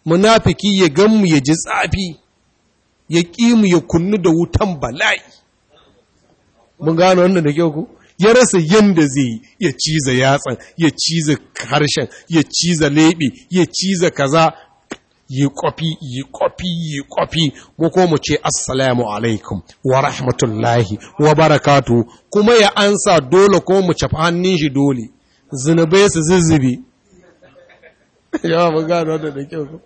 munafiki ya gan mu ya ji tsafi ya ƙi mu ya kunnu da wutan bala'i mun gano wannan da kyau ku ya rasa yanda zai ya ciza yatsan ya ciza harshen ya ciza lebe ya ciza kaza yi kofi yi kofi yi kofi mu ko mu ce assalamu alaikum wa rahmatullahi wa barakatu kuma ya ansa dole ko mu cafa hannun shi dole zinabe su zuzzubi yawa mun gano wanda da kyau ku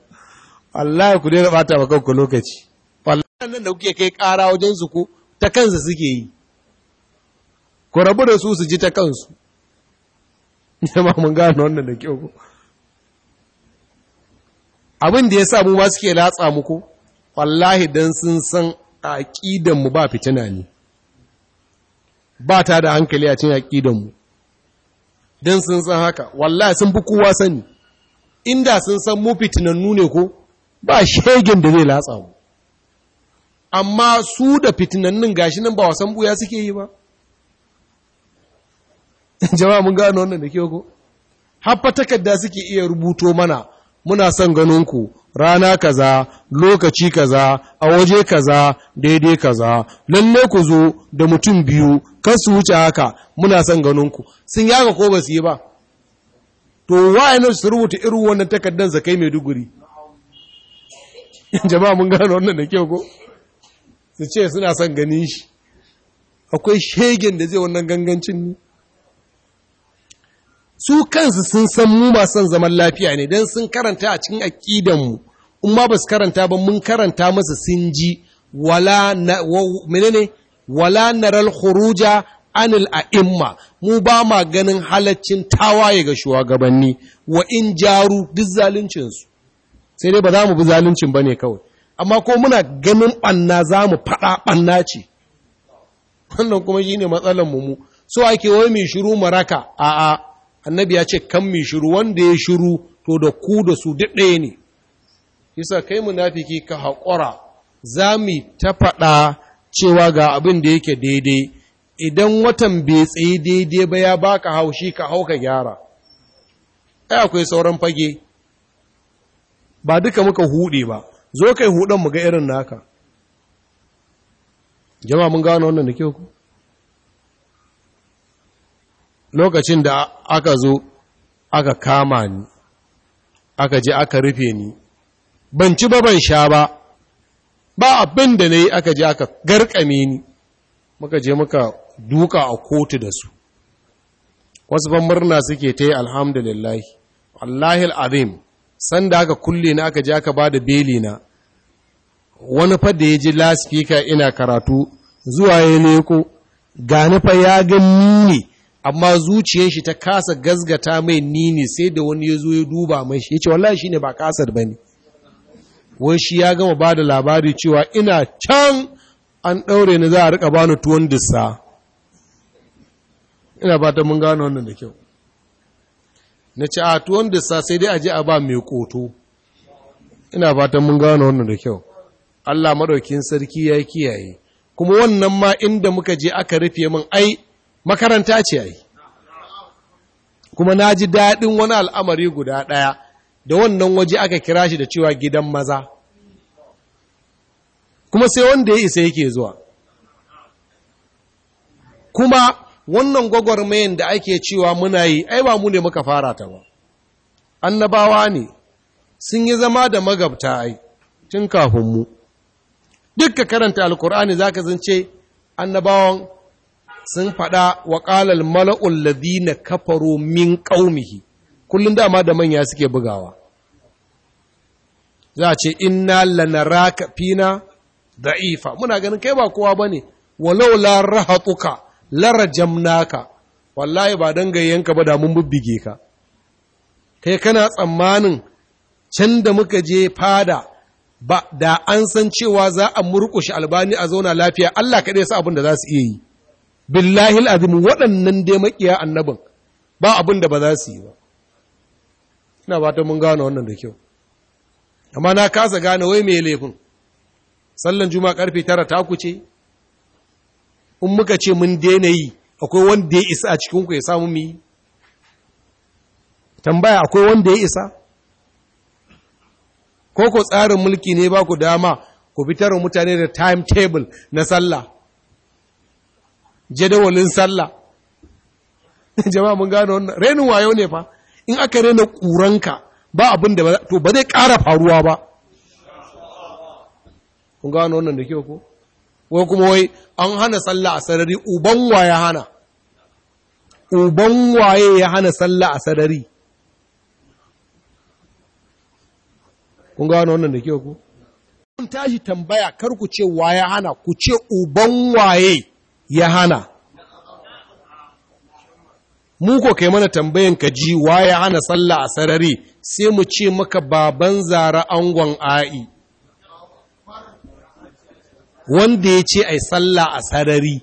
Allah ku daina bata kanku lokaci wallahi nan da kuke kai ƙara wajen su ko ta kansa suke yi ku rabu da su su ji ta kansu jama mun gano wannan da kyau abin da ya sa mu ba suke latsa muku wallahi don sun san a mu ba fitina ne ba ta da hankali a cin aƙidanmu don sun san haka wallahi sun fi kowa sani inda sun san mu fitinannu ne ko ba shegen da zai latsa mu amma su da fitinannin gashi nan ba wasan buya suke yi ba jama'a mun gano wannan da ke ko haffa takarda suke iya rubuto mana muna son ganinku rana kaza lokaci kaza a waje kaza daidai kaza lalle ku zo da mutum biyu kan su wuce haka muna son ganinku sun yaga ko ba su yi ba to ne su rubuta irin wannan takardar zakai mai duguri jama'a mun gano wannan da ke ko su ce suna son ganin shi akwai shegen da zai wannan gangancin ne su kansu sun san mu masu zaman lafiya ne don sun karanta a cikin aƙidanmu in ma ba su karanta ba mun karanta masa sun ji wala na menene wala naral khuruja anil a'imma mu ba ma ganin halaccin tawaye ga shugabanni wa in jaru duk zaluncin su sai dai ba za mu bi zaluncin ne kawai amma ko muna ganin banna za mu fada banna ce wannan kuma shine matsalar mu mu so ake wai mai shiru maraka a'a annabi ya ce kan mi shuru wanda ya shuru to da ku da su duk ɗaya ne yasa kai munafiki ka haƙura za mu ta faɗa cewa ga abin da yake daidai idan watan bai tsaye daidai ba ya baka haushi ka hau ka gyara ai akwai sauran fage ba duka muka hude ba zo kai hudon mu ga irin naka jama'a mun gano wannan da kyau ku lokacin da aka zo aka kama ni aka je aka rufe ni ban ci ba ban sha ba ba abin da na aka je aka garkame ni muka je muka duka a kotu da su wasu ban murna suke ta yi alhamdulillahi allahil azim sanda aka kulle na aka je aka ba da beli na wani fa da ya ji laspika ina karatu zuwa ya neko gani fa ya gani ne. amma zuciyar shi ta kasa gazgata mai nini sai da wani ya zo ya duba mai shi ya ce wallahi shine ba kasar bane wai shi ya gama ba da labari cewa ina can an ɗaure ni za a riƙa bani tuwon dissa ina ba ta mun gano wannan da kyau na ci a tuwon dissa sai dai a je a ba mai koto ina ba ta mun gano wannan da kyau Allah maɗaukin sarki ya kiyaye kuma wannan ma inda muka je aka rufe min ai makaranta ce ai kuma na ji daɗin wani al'amari guda ɗaya da wannan waje aka kira shi da cewa gidan maza kuma sai wanda ya isa yake zuwa kuma wannan gwagwarmayan da ake cewa muna yi ai ba mu ne muka fara ta ba annabawa ne sun yi zama da magabta ai tun kafin mu dukka karanta alkur'ani za ka zance annabawan sun faɗa wa ƙalal mala'ul ladina kafaro min ƙaumihi kullum dama da manya suke bugawa za a ce inna lanaraka fina da'ifa muna ganin kai ba kowa ba ne, walau la rahatuka jamnaka. wallahi ba dan gayyanka ba da mun bubbige ka kai kana tsammanin can da muka je fada ba da an san cewa za a murƙushe albani a zauna lafiya Allah kaɗai sa abin da za su iya yi billahi azim waɗannan dai maƙiya annabin ba abin da ba za su yi ba ina ba ta mun gane wannan da kyau amma na kasa gane wai mai laifin sallan juma'a karfe tara ta kuce in muka ce mun daina yi akwai wanda ya isa a cikinku ya samu mu yi tambaya akwai wanda ya isa ko ko tsarin mulki ne ba ku dama ku fitar mutane da timetable na sallah jadawalin sallah jama'a mun gano wannan renin wayo ne fa in aka rena ƙuranka ba abin da to ba zai ƙara faruwa ba kun gano wannan da kyau ko Wai kuma wai an hana sallah a sarari uban waye hana uban waye ya hana sallah a sarari kun gano wannan da kyau ko kun tashi tambaya kar ku ce waye hana ku ce uban waye ya hana mu ko kai mana tambayan ka ji wa ya hana sallah a sarari sai mu ce maka baban zara angon a'i wanda ya ce ai sallah a sarari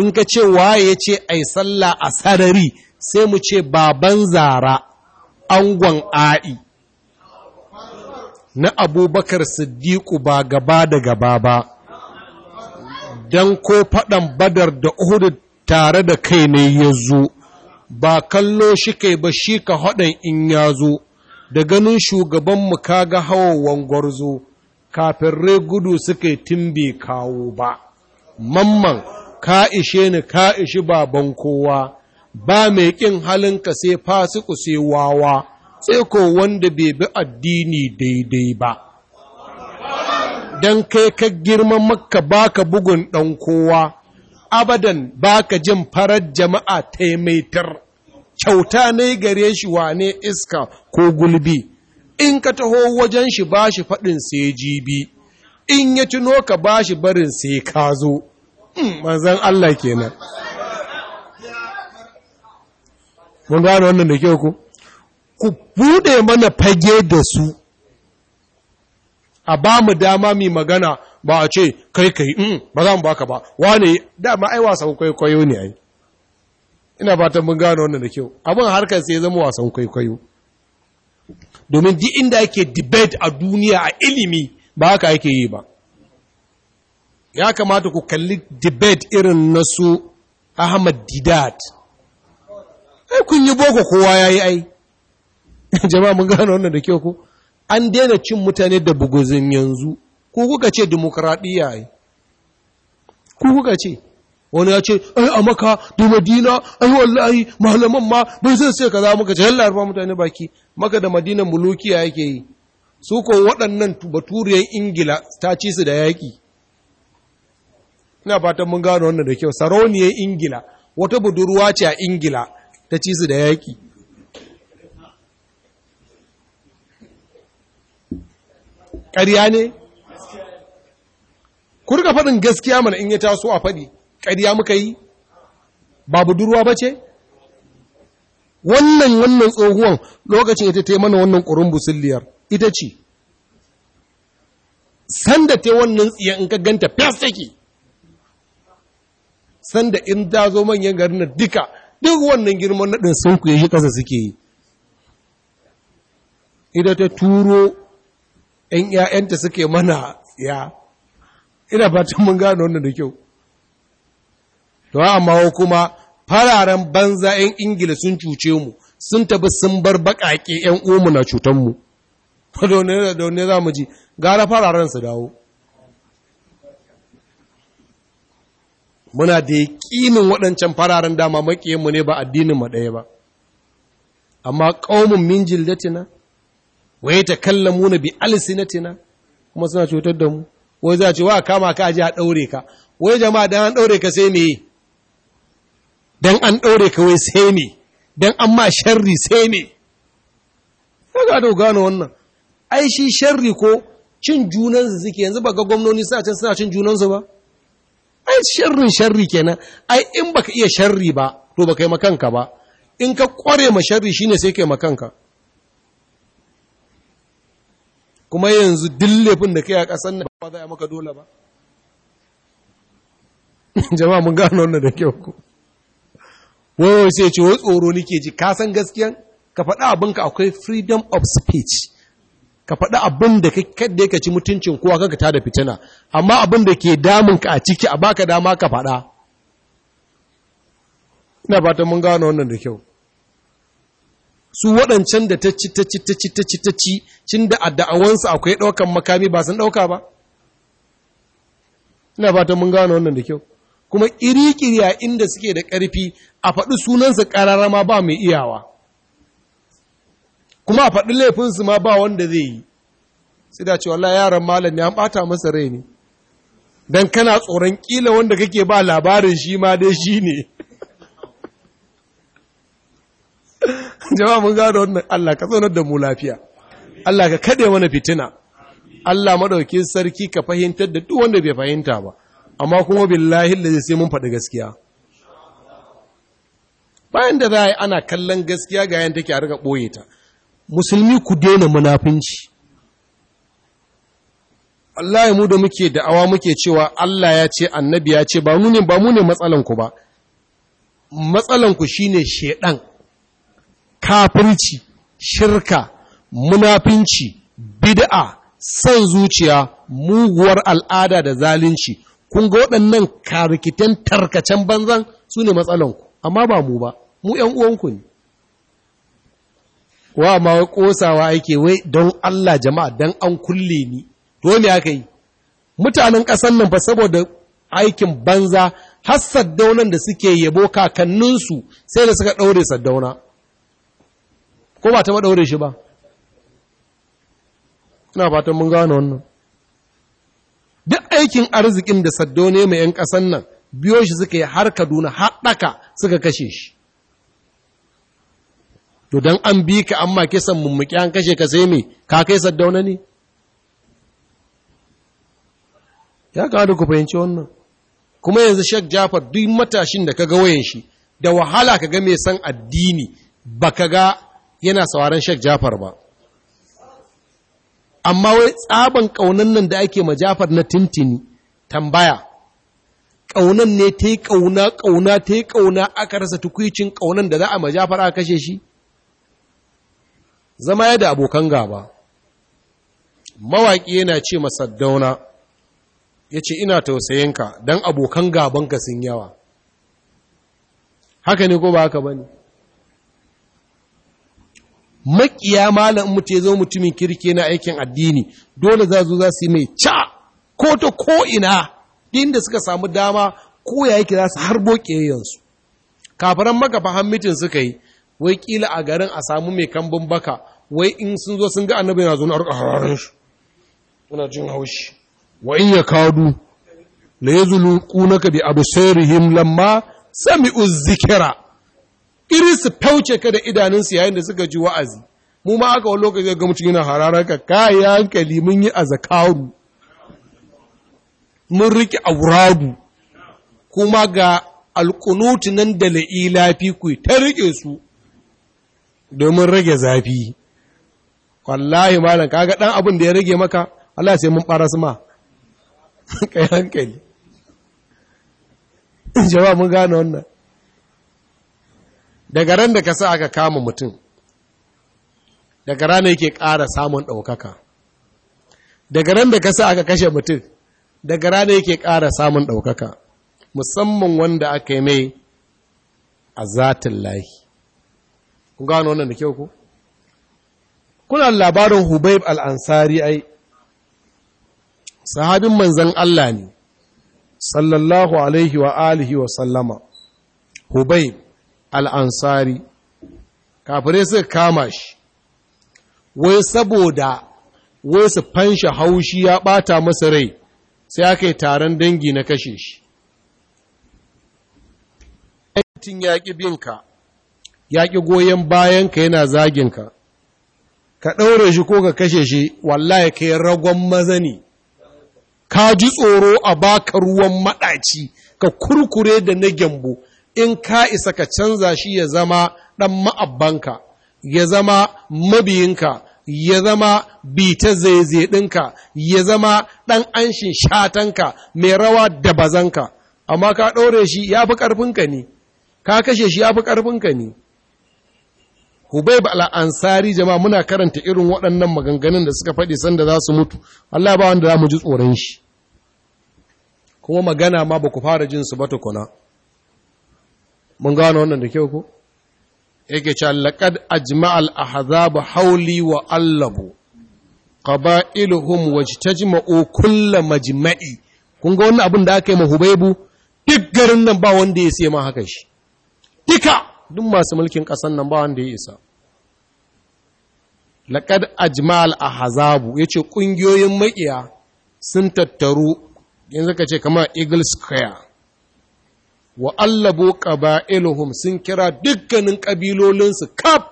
in ka ce waye ya ce ai sallah a sarari sai mu ce baban zara angon a'i na abubakar siddiƙu ba gaba da gaba ba don ko faɗan badar da uhudu tare da kai ne ya zo ba kallo shi kai ba shi ka haɗin in ya zo da ganin shugabanmu kaga hawan gwarzo kafin rai gudu suka timbe kawo ba mamman ka ishe ni ka ishi baban kowa ba mai ƙin halinka sai fasiku sai wawa sai ko wanda bai bi addini daidai ba don kai ka girma maka baka bugun ɗan kowa, abadan baka jin farar jama'a taimaitar, kyauta ne gare shi wane iska ko gulbi, in ka taho wajen shi ba shi faɗin sai jibi, in ya tuno ka ba shi barin sai ka zo, hmm, manzan Allah kenan. Mun gano wannan da kyau ku? Ku buɗe mana fage da su. a ba mu dama mai magana ba a ce kai kai in mm, ba za mu baka ba wane dama ai wasan kwaikwayo ne ai ina fatan mun gano wannan da kyau abin harkar sai zama wasan kwaikwayo domin duk inda yake debate a duniya a ilimi ba haka ake yi ba ya kamata ku kalli debate irin na su Ahmad Didat ai kun yi boko kowa yayi ai jama'a mun gano wannan da kyau ko an daina cin mutane da bugozin yanzu ko kuka ce demokradiyya yi ko kuka ce wani ya ce ai a maka da madina ai wallahi malaman ma bai zai sai kaza muka ce yalla rufa mutane baki maka da madina mulukiya yake yi su ko waɗannan baturiyar ingila ta ci su da yaƙi ina fatan mun gano wannan da kyau sarauniyar ingila wata budurwa ce a ingila ta ci su da yaƙi ƙariya ne kurga faɗin gaskiya mana in ya taso a faɗi ƙarya muka yi ba budurwa ba ce wannan wannan tsohuwan lokacin ita ta yi mana wannan ƙurin busilliyar ita ce sanda ta wannan tsiyan in ka ganta fes take sanda in ta zo manyan garin na duka duk wannan girman naɗin sun kuye yi ƙasa suke yi ita ta turo ‘yan ‘ya'yanta suke mana ya, ina fatan mun gano wannan da kyau. To, amma kuma fararen banza ‘yan Ingila sun cuce mu, sun tabi sun bar baƙaƙe ‘yan umu na cutanmu. Daune za mu ji, gara fararen su dawo. Muna da yaƙinin waɗancan fararen dama maƙiyanmu ne ba addinin mu ɗaya ba. Amma ƙaumin min jillatina? Wai ta kallamu na bi alsinatina kuma suna cutar da mu wai za a ce wa kama ka aje a daure ka wai jama'a dan an daure ka sai me dan an daure ka wai sai me dan an ma sharri sai me kaga da gano wannan ai shi sharri ko cin junansu suke yanzu baka gwamnoni suna can suna cin junansu ba ai sharrin sharri kenan ai in baka iya sharri ba to baka yi makanka ba in ka kware ma sharri shine sai kai makanka kuma yanzu dillefin da kai a ƙasar nan ba za a maka dole ba jama'a mun gano wannan da kyau ku wai sai ce wai tsoro nake ji ka san gaskiyan ka faɗi abinka akwai freedom of speech ka faɗi abin da kadda ka ci mutuncin kowa kanka ta da fitina amma abin da ke damun ka a ciki a baka dama ka faɗa ina fatan mun gano wannan da kyau su waɗancan da ta ci ta ci ta ci ta ci ta ci cin da adda'awansu akwai ɗaukan makami ba sun ɗauka ba ina fatan mun gano wannan da kyau kuma ƙiri a inda suke da ƙarfi a faɗi sunansa ƙarara ba mai iyawa kuma a faɗi laifinsu ma ba wanda zai yi sai da cewa yaran malam ya ɓata masa rai ne don kana tsoron ƙila wanda kake ba labarin shi ma dai shi ne jama'a mun gano wannan Allah ka zaunar da mu lafiya Allah ka kade mana fitina Allah madauki sarki ka fahimtar da duk wanda bai fahimta ba amma kuma billahi da sai mun faɗi gaskiya bayan da za yi ana kallon gaskiya ga yan take a riga boye ta musulmi ku daina munafunci wallahi mu da muke awa muke cewa Allah ya ce annabi ya ce ba mu ne ba mu ne matsalan ku ba matsalan ku shine shedan kafirci shirka munafinci bid'a san zuciya muguwar al'ada da zalunci kun ga waɗannan karikitan tarkacen banzan su ne matsalanku amma ba mu ba mu ‘yan uwanku ne wa ma wai ƙosawa ake wai don Allah jama'a don an kulle ni dole aka yi mutanen ƙasan nan ba saboda aikin banza har saddaunan da suke yabo kakanninsu sai da suka ɗaure saddauna ko ba ta maɗaure shi ba ina fatan mun gano wannan duk aikin arzikin da saddo ne mai 'yan ƙasan nan biyo shi suka yi har kaduna haɗaka suka kashe shi to don an bi ka amma kisan mummuki an kashe ka sai me ka kai Saddo na ne ya da ku fahimci wannan kuma yanzu Sheikh Jafar duk matashin da ka ga wayan shi da wahala ka ga mai san addini ba ka ga yana sauraron Sheikh Jafar ba amma wai tsaban ƙaunan nan da ake ma Jafar na tintini tambaya ƙaunan ne ta yi kauna ƙauna ta yi kauna aka rasa tukwicin kaunan da za a ma Jafar aka kashe shi zama ya da abokan gaba mawaƙi yana ce masaddauna ya ce ina tausayinka don abokan gabanka sun yawa haka ne ko ba haka ba ne makiya malam mutu ya zo mutumin kirki na aikin addini dole za zo za su yi mai ca ko ta ko ina din suka samu dama ko ya yake za su harbo ƙeyayyansu kafaran maka fa mitin suka yi wai kila a garin a samu mai kambun baka wai in sun zo sun ga annabi yana zo na arka hararin shi muna jin haushi wa in ya kadu la yazulu kunaka bi absarihim lamma sami'u zikira iri su fauce ka da idanunsu yayin da suka ji wa'azi mu ma aka wani lokaci ga mutum yana harararka. Kayan hankali mun yi a zakaru mun riƙe aurabu kuma ga alƙunuti nan da la'ilafi ku ta riƙe su domin rage zafi wallahi malam kaga ɗan abin da ya rage maka Allah sai mun su ma kai hankali jama'a mun gane wannan daga ran da ka sa aka kama mutum daga rana yake ƙara samun ɗaukaka daga ran da ka sa aka kashe mutum daga rana yake ƙara samun ɗaukaka musamman wanda aka yi mai a zatin lahi kun gano wannan da kyau ku? kuna labarin hubaib al'ansari ai sahabin manzan Allah ne sallallahu alaihi wa alihi wa sallama hubaib al'ansari kafin suka kama shi wai saboda wai su fanshi haushi ya ɓata masa rai sai aka yi taron dangi na kashe shi mutum ya ƙi binka yaƙi ƙi goyon bayanka yana zagin ka Ka ɗaure shi ko ka kashe shi wallahi ka yi ragon maza ne ka ji tsoro a baka ruwan maɗaci ka kurkure da na gyambo in ka isa ka canza shi ya zama ɗan ma'abbanka ya zama mabiyinka ya zama bita zaizaidinka ya zama ɗan anshin shatanka mai rawa da bazanka amma ka ɗaure shi ya fi ƙarfinka ne ka kashe shi ya fi ƙarfinka ne ba al'ansari jama'a muna karanta irin waɗannan maganganun da suka faɗi sanda za su mutu, Allah ba wanda za mu ji tsoron shi, kuma magana ma ba ku fara jinsu ba tukuna. mun gano wannan da kyau ko yake ce laqad ajma'a al-ahzab hawli wa allabu qaba'iluhum wajtajma'u kull majma'i kun ga wannan abin da aka yi ma Hubaibu duk garin nan ba wanda ya sai ma haka shi duka duk masu mulkin kasan nan ba wanda ya isa laqad ajma'al al-ahzab yace kungiyoyin makiya sun tattaru yanzu ka ce kamar Eagle Square wa allabu qaba'iluhum sun kira dukkanin ƙabilolinsu kaf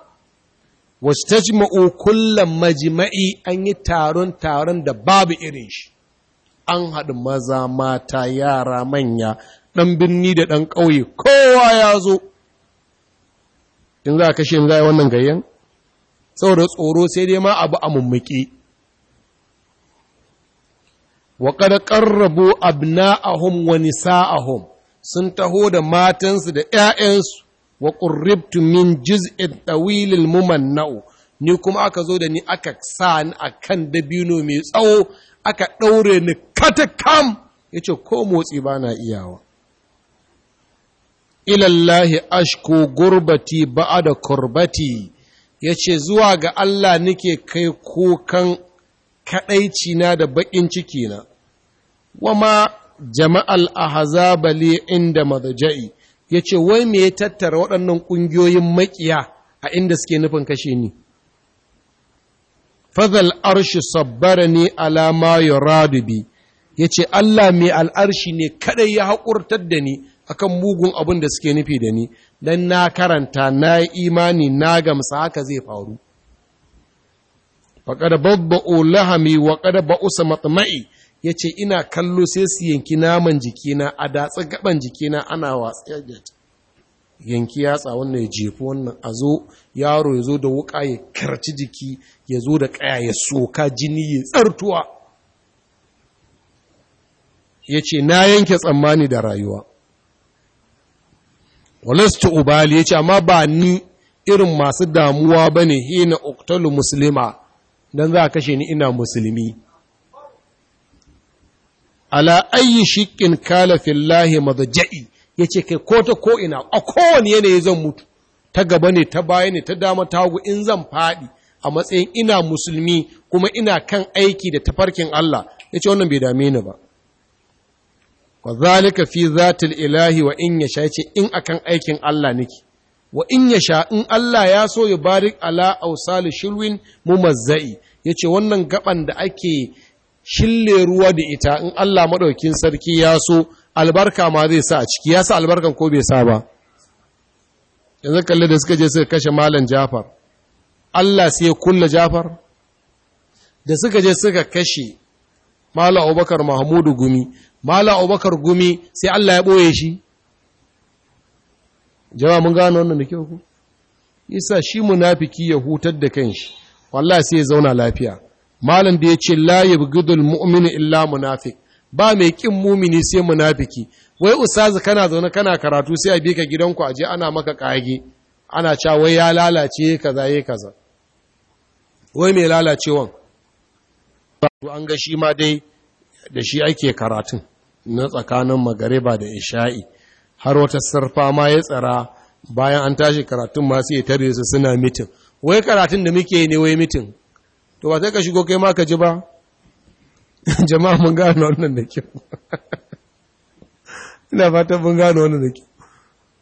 wasu tajma'u kullum majima'i an yi taron taron da babu irin shi an haɗu maza mata yara manya ɗan birni da ɗan ƙauye kowa ya zo in za a kashe in za a wannan gayyan saboda tsoro sai dai ma abu a mummuki wa abna ƙarrabu abna'ahum wa nisa'ahum sun taho da matansu da ‘ya'yansu wa ƙurribtu min jiz'in muman nau, ni kuma aka zo da ni aka sa ni a kan dabino mai tsawo aka ɗaure ni katakam ya ce ko motsi ba na iyawa ilallahi ashko gurbati ba'a da kurbati ya ce zuwa ga Allah nike kai kukan kaɗaicina da baƙin cikina, wama jama'al ahzaba li inda ya yace wai me ya tattara waɗannan ƙungiyoyin maƙiya a inda suke nufin kashe ni fadal arshi sabbarani ala ma yuradu ya yace Allah mai al'arshi ne kada ya haƙurtar da ni akan mugun abin da suke nufi da ni dan na karanta na imani na gamsa haka zai faru faqad babba'u lahami wa qad ba'usa matma'i ya ce ina kallo sai su yanki naman jikina a datsa gaban jikina ana watsa yanki yatsa wannan ya jefi wannan a zo yaro ya zo da wuka ya karci jiki ya zo da kaya ya soka jini ya tsartuwa ya ce na yanke tsammani da rayuwa walastu ubali ya ce amma ba ni irin masu damuwa ba ne hina oktalu musulma don za a kashe ni ina musulmi ala ayyi shiqqin kala fillahi madja'i yace kai ko ta ko ina a kowane yanayi zan mutu ta gaba ne ta baya ne ta dama ta hagu in zan faɗi a matsayin ina musulmi kuma ina kan aiki da tafarkin Allah yace wannan bai dame ni ba wa zalika fi zatil ilahi wa in yasha ce, in akan aikin Allah nake wa in yasha in Allah ya so ya barik ala ausali shirwin mumazzai yace wannan gaban da ake shille ruwa da ita in Allah maɗaukin sarki ya so albarka ma zai sa a ciki ya sa albarkan ko bai sa ba yanzu kalli da suka je suka kashe malam jafar Allah sai ya kulla jafar da suka je suka kashe malam abubakar mahmudu gumi malam abubakar gumi sai Allah ya ɓoye shi jama mun gano wannan da kyau ku isa shi munafiki ya hutar da kanshi wallahi sai ya zauna lafiya malam da ya ce la gudun mu'minu illa munafik ba mai kin mumini sai munafiki wai ustazi kana zaune kana karatu sai a bi ka gidanku aje ana maka kage ana cewa wai ya lalace kaza yayi kaza wai mai lalacewan to an ga shi ma dai da shi ake karatun na tsakanin magariba da isha'i har wata sarfa ma ya tsara bayan an tashi karatun masu ya tare su suna mitin wai karatun da muke ne wai mitin to ba sai ka shigo kai ma ka ji ba jama'a mun gano wannan da kyau ina fatan mun gano wannan da kyau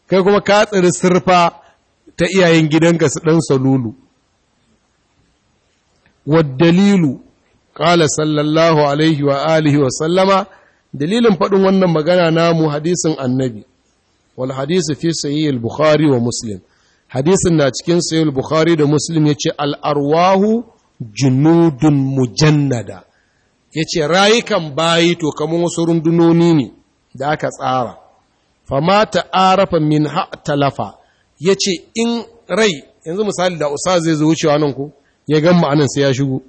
kai kuma ka tsiri sirfa ta iyayen gidanka su ɗan salulu dalilu, qala sallallahu alaihi wa alihi wa sallama dalilin faɗin wannan magana namu hadisin annabi wal hadisi fi al bukhari wa muslim hadisin na cikin al bukhari da muslim ya ce al'arwahu junudun mujannada ya ce rayukan bayi to kamar wasu rundunoni ne da aka tsara ma ta arafa min talafa ya ce in rai yanzu misali da usa zai zo wucewa nan ko ya gan ma'anan sai ya shigo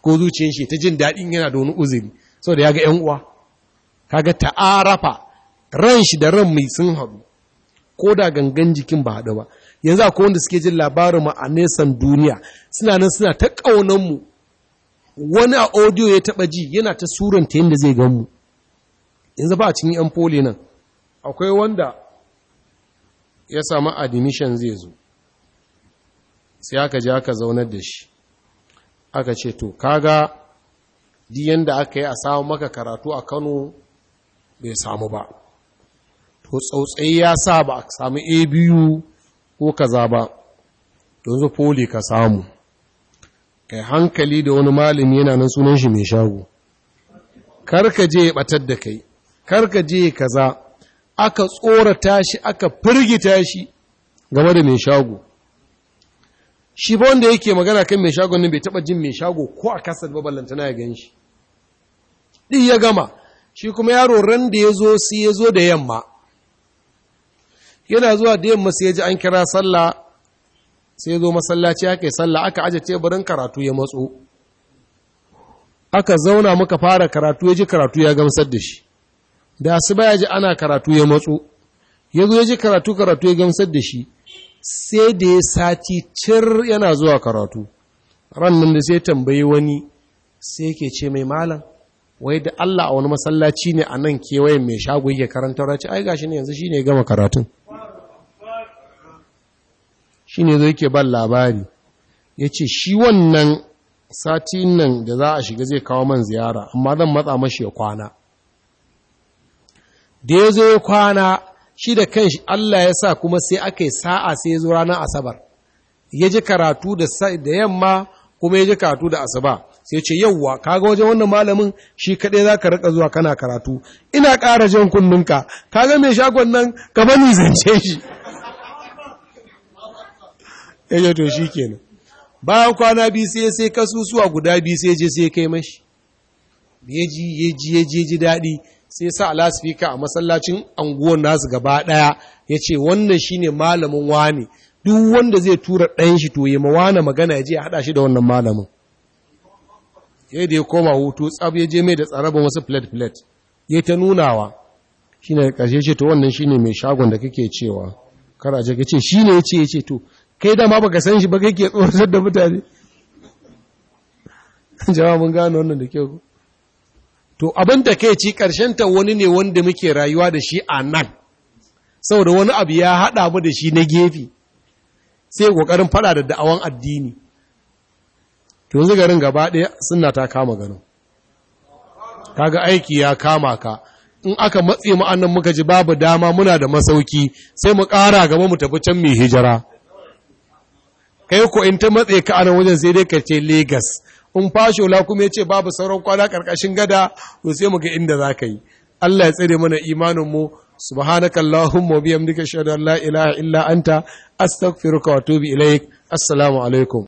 ko zuciyar shi ta jin daɗin yana da wani uzuri da ya ga ‘yan uwa kaga ta arafa ran shi da ran mai sun haɗu ko da gangan jikin ba haɗu ba yanzu akwai wanda suke jin labarin mu a nesan duniya suna nan suna ta ƙaunan mu wani a audio ya taba ji yana ta suranta yadda zai gan mu yanzu ba a cikin yan foli nan akwai wanda ya samu admission zai zo sai aka ji aka zaunar da shi aka ce to kaga di yanda aka yi a samu maka karatu a Kano bai samu ba to tsautsayi ya sa ba a samu ABU ko kaza ba yanzu foli ka samu kai hankali da wani malami yana nan sunan shi mai shago karka je ya batar da kai karka je ya kaza aka tsorata shi aka firgita shi game da mai shago shi ba wanda yake magana kan mai shago nan bai taba jin mai shago ko a kasar babalanta na ya gan shi ɗin ya gama shi kuma yaro ran da ya zo sai ya zo da yamma yana zuwa da yamma sai ya ji an kira sallah sai zo masallaci aka yi sallah aka aje teburin karatu ya matso aka zauna muka fara karatu ya ji karatu ya gamsar da shi da su ya ji ana karatu ya matso ya zo ya ji karatu karatu ya gamsar da shi sai da ya sati cir yana zuwa karatu rannan da sai tambayi wani sai yake ce mai malam wai da Allah a wani masallaci ne a nan kewayen mai shago yake karanta race ai gashi ne yanzu shine gama karatun shi ne zai ke ban labari ya ce shi wannan sati nan da za a shiga zai kawo man ziyara amma zan matsa mashi ya kwana da ya zo ya kwana shi da kanshi Allah ya sa kuma sai aka yi sa'a sai ya zo ranar asabar ya ji karatu da yamma kuma ya ji karatu da asaba. sai ce yauwa kaga wajen wannan malamin shi kaɗai za ka rika zuwa kana karatu ina ƙara jan kunninka kaga mai shagon nan ka bani zance shi ya eh, to shi kenan bayan kwana biyu sai sai kasusuwa guda biyu sai je sai kai mashi ya ji ya ji ya ji ji daɗi sai sa alasifika a masallacin anguwan nasu gaba ɗaya ya ce wannan shi ne malamin wani duk wanda zai tura ɗayan shi to ya mawana magana ya je ya haɗa shi da wannan malamin ya da ya koma hutu tsab ya je mai da tsarabin wasu plate-plate ya ta nunawa shi ne ƙarshe ce to wannan shi ne mai shagon da kake cewa kara ce ce shi ne ya ce ya ce to kai dama baka san shi ba kai ke tsoratar da mutane jawabin gano wannan da kyau to abin da kai ci karshen ta wani ne wanda muke rayuwa da shi a nan saboda wani abu ya haɗa mu da shi na gefe sai kokarin fada da da'awan addini to yanzu garin gaba ɗaya suna ta kama ganin kaga aiki ya kama ka in aka matse mu annan muka ji babu dama muna da masauki sai mu ƙara gaba mu tafi can mai hijira kai ko in ta matse ka anan wajen sai dai ka ce Legas. in fashola kuma ya ce babu sauran kwana karkashin gada to sai mu ga inda za ka yi Allah ya tsare mana imanin mu subhanaka allahumma wa bihamdika shada la ilaha illa anta astaghfiruka wa atubu ilaik assalamu alaikum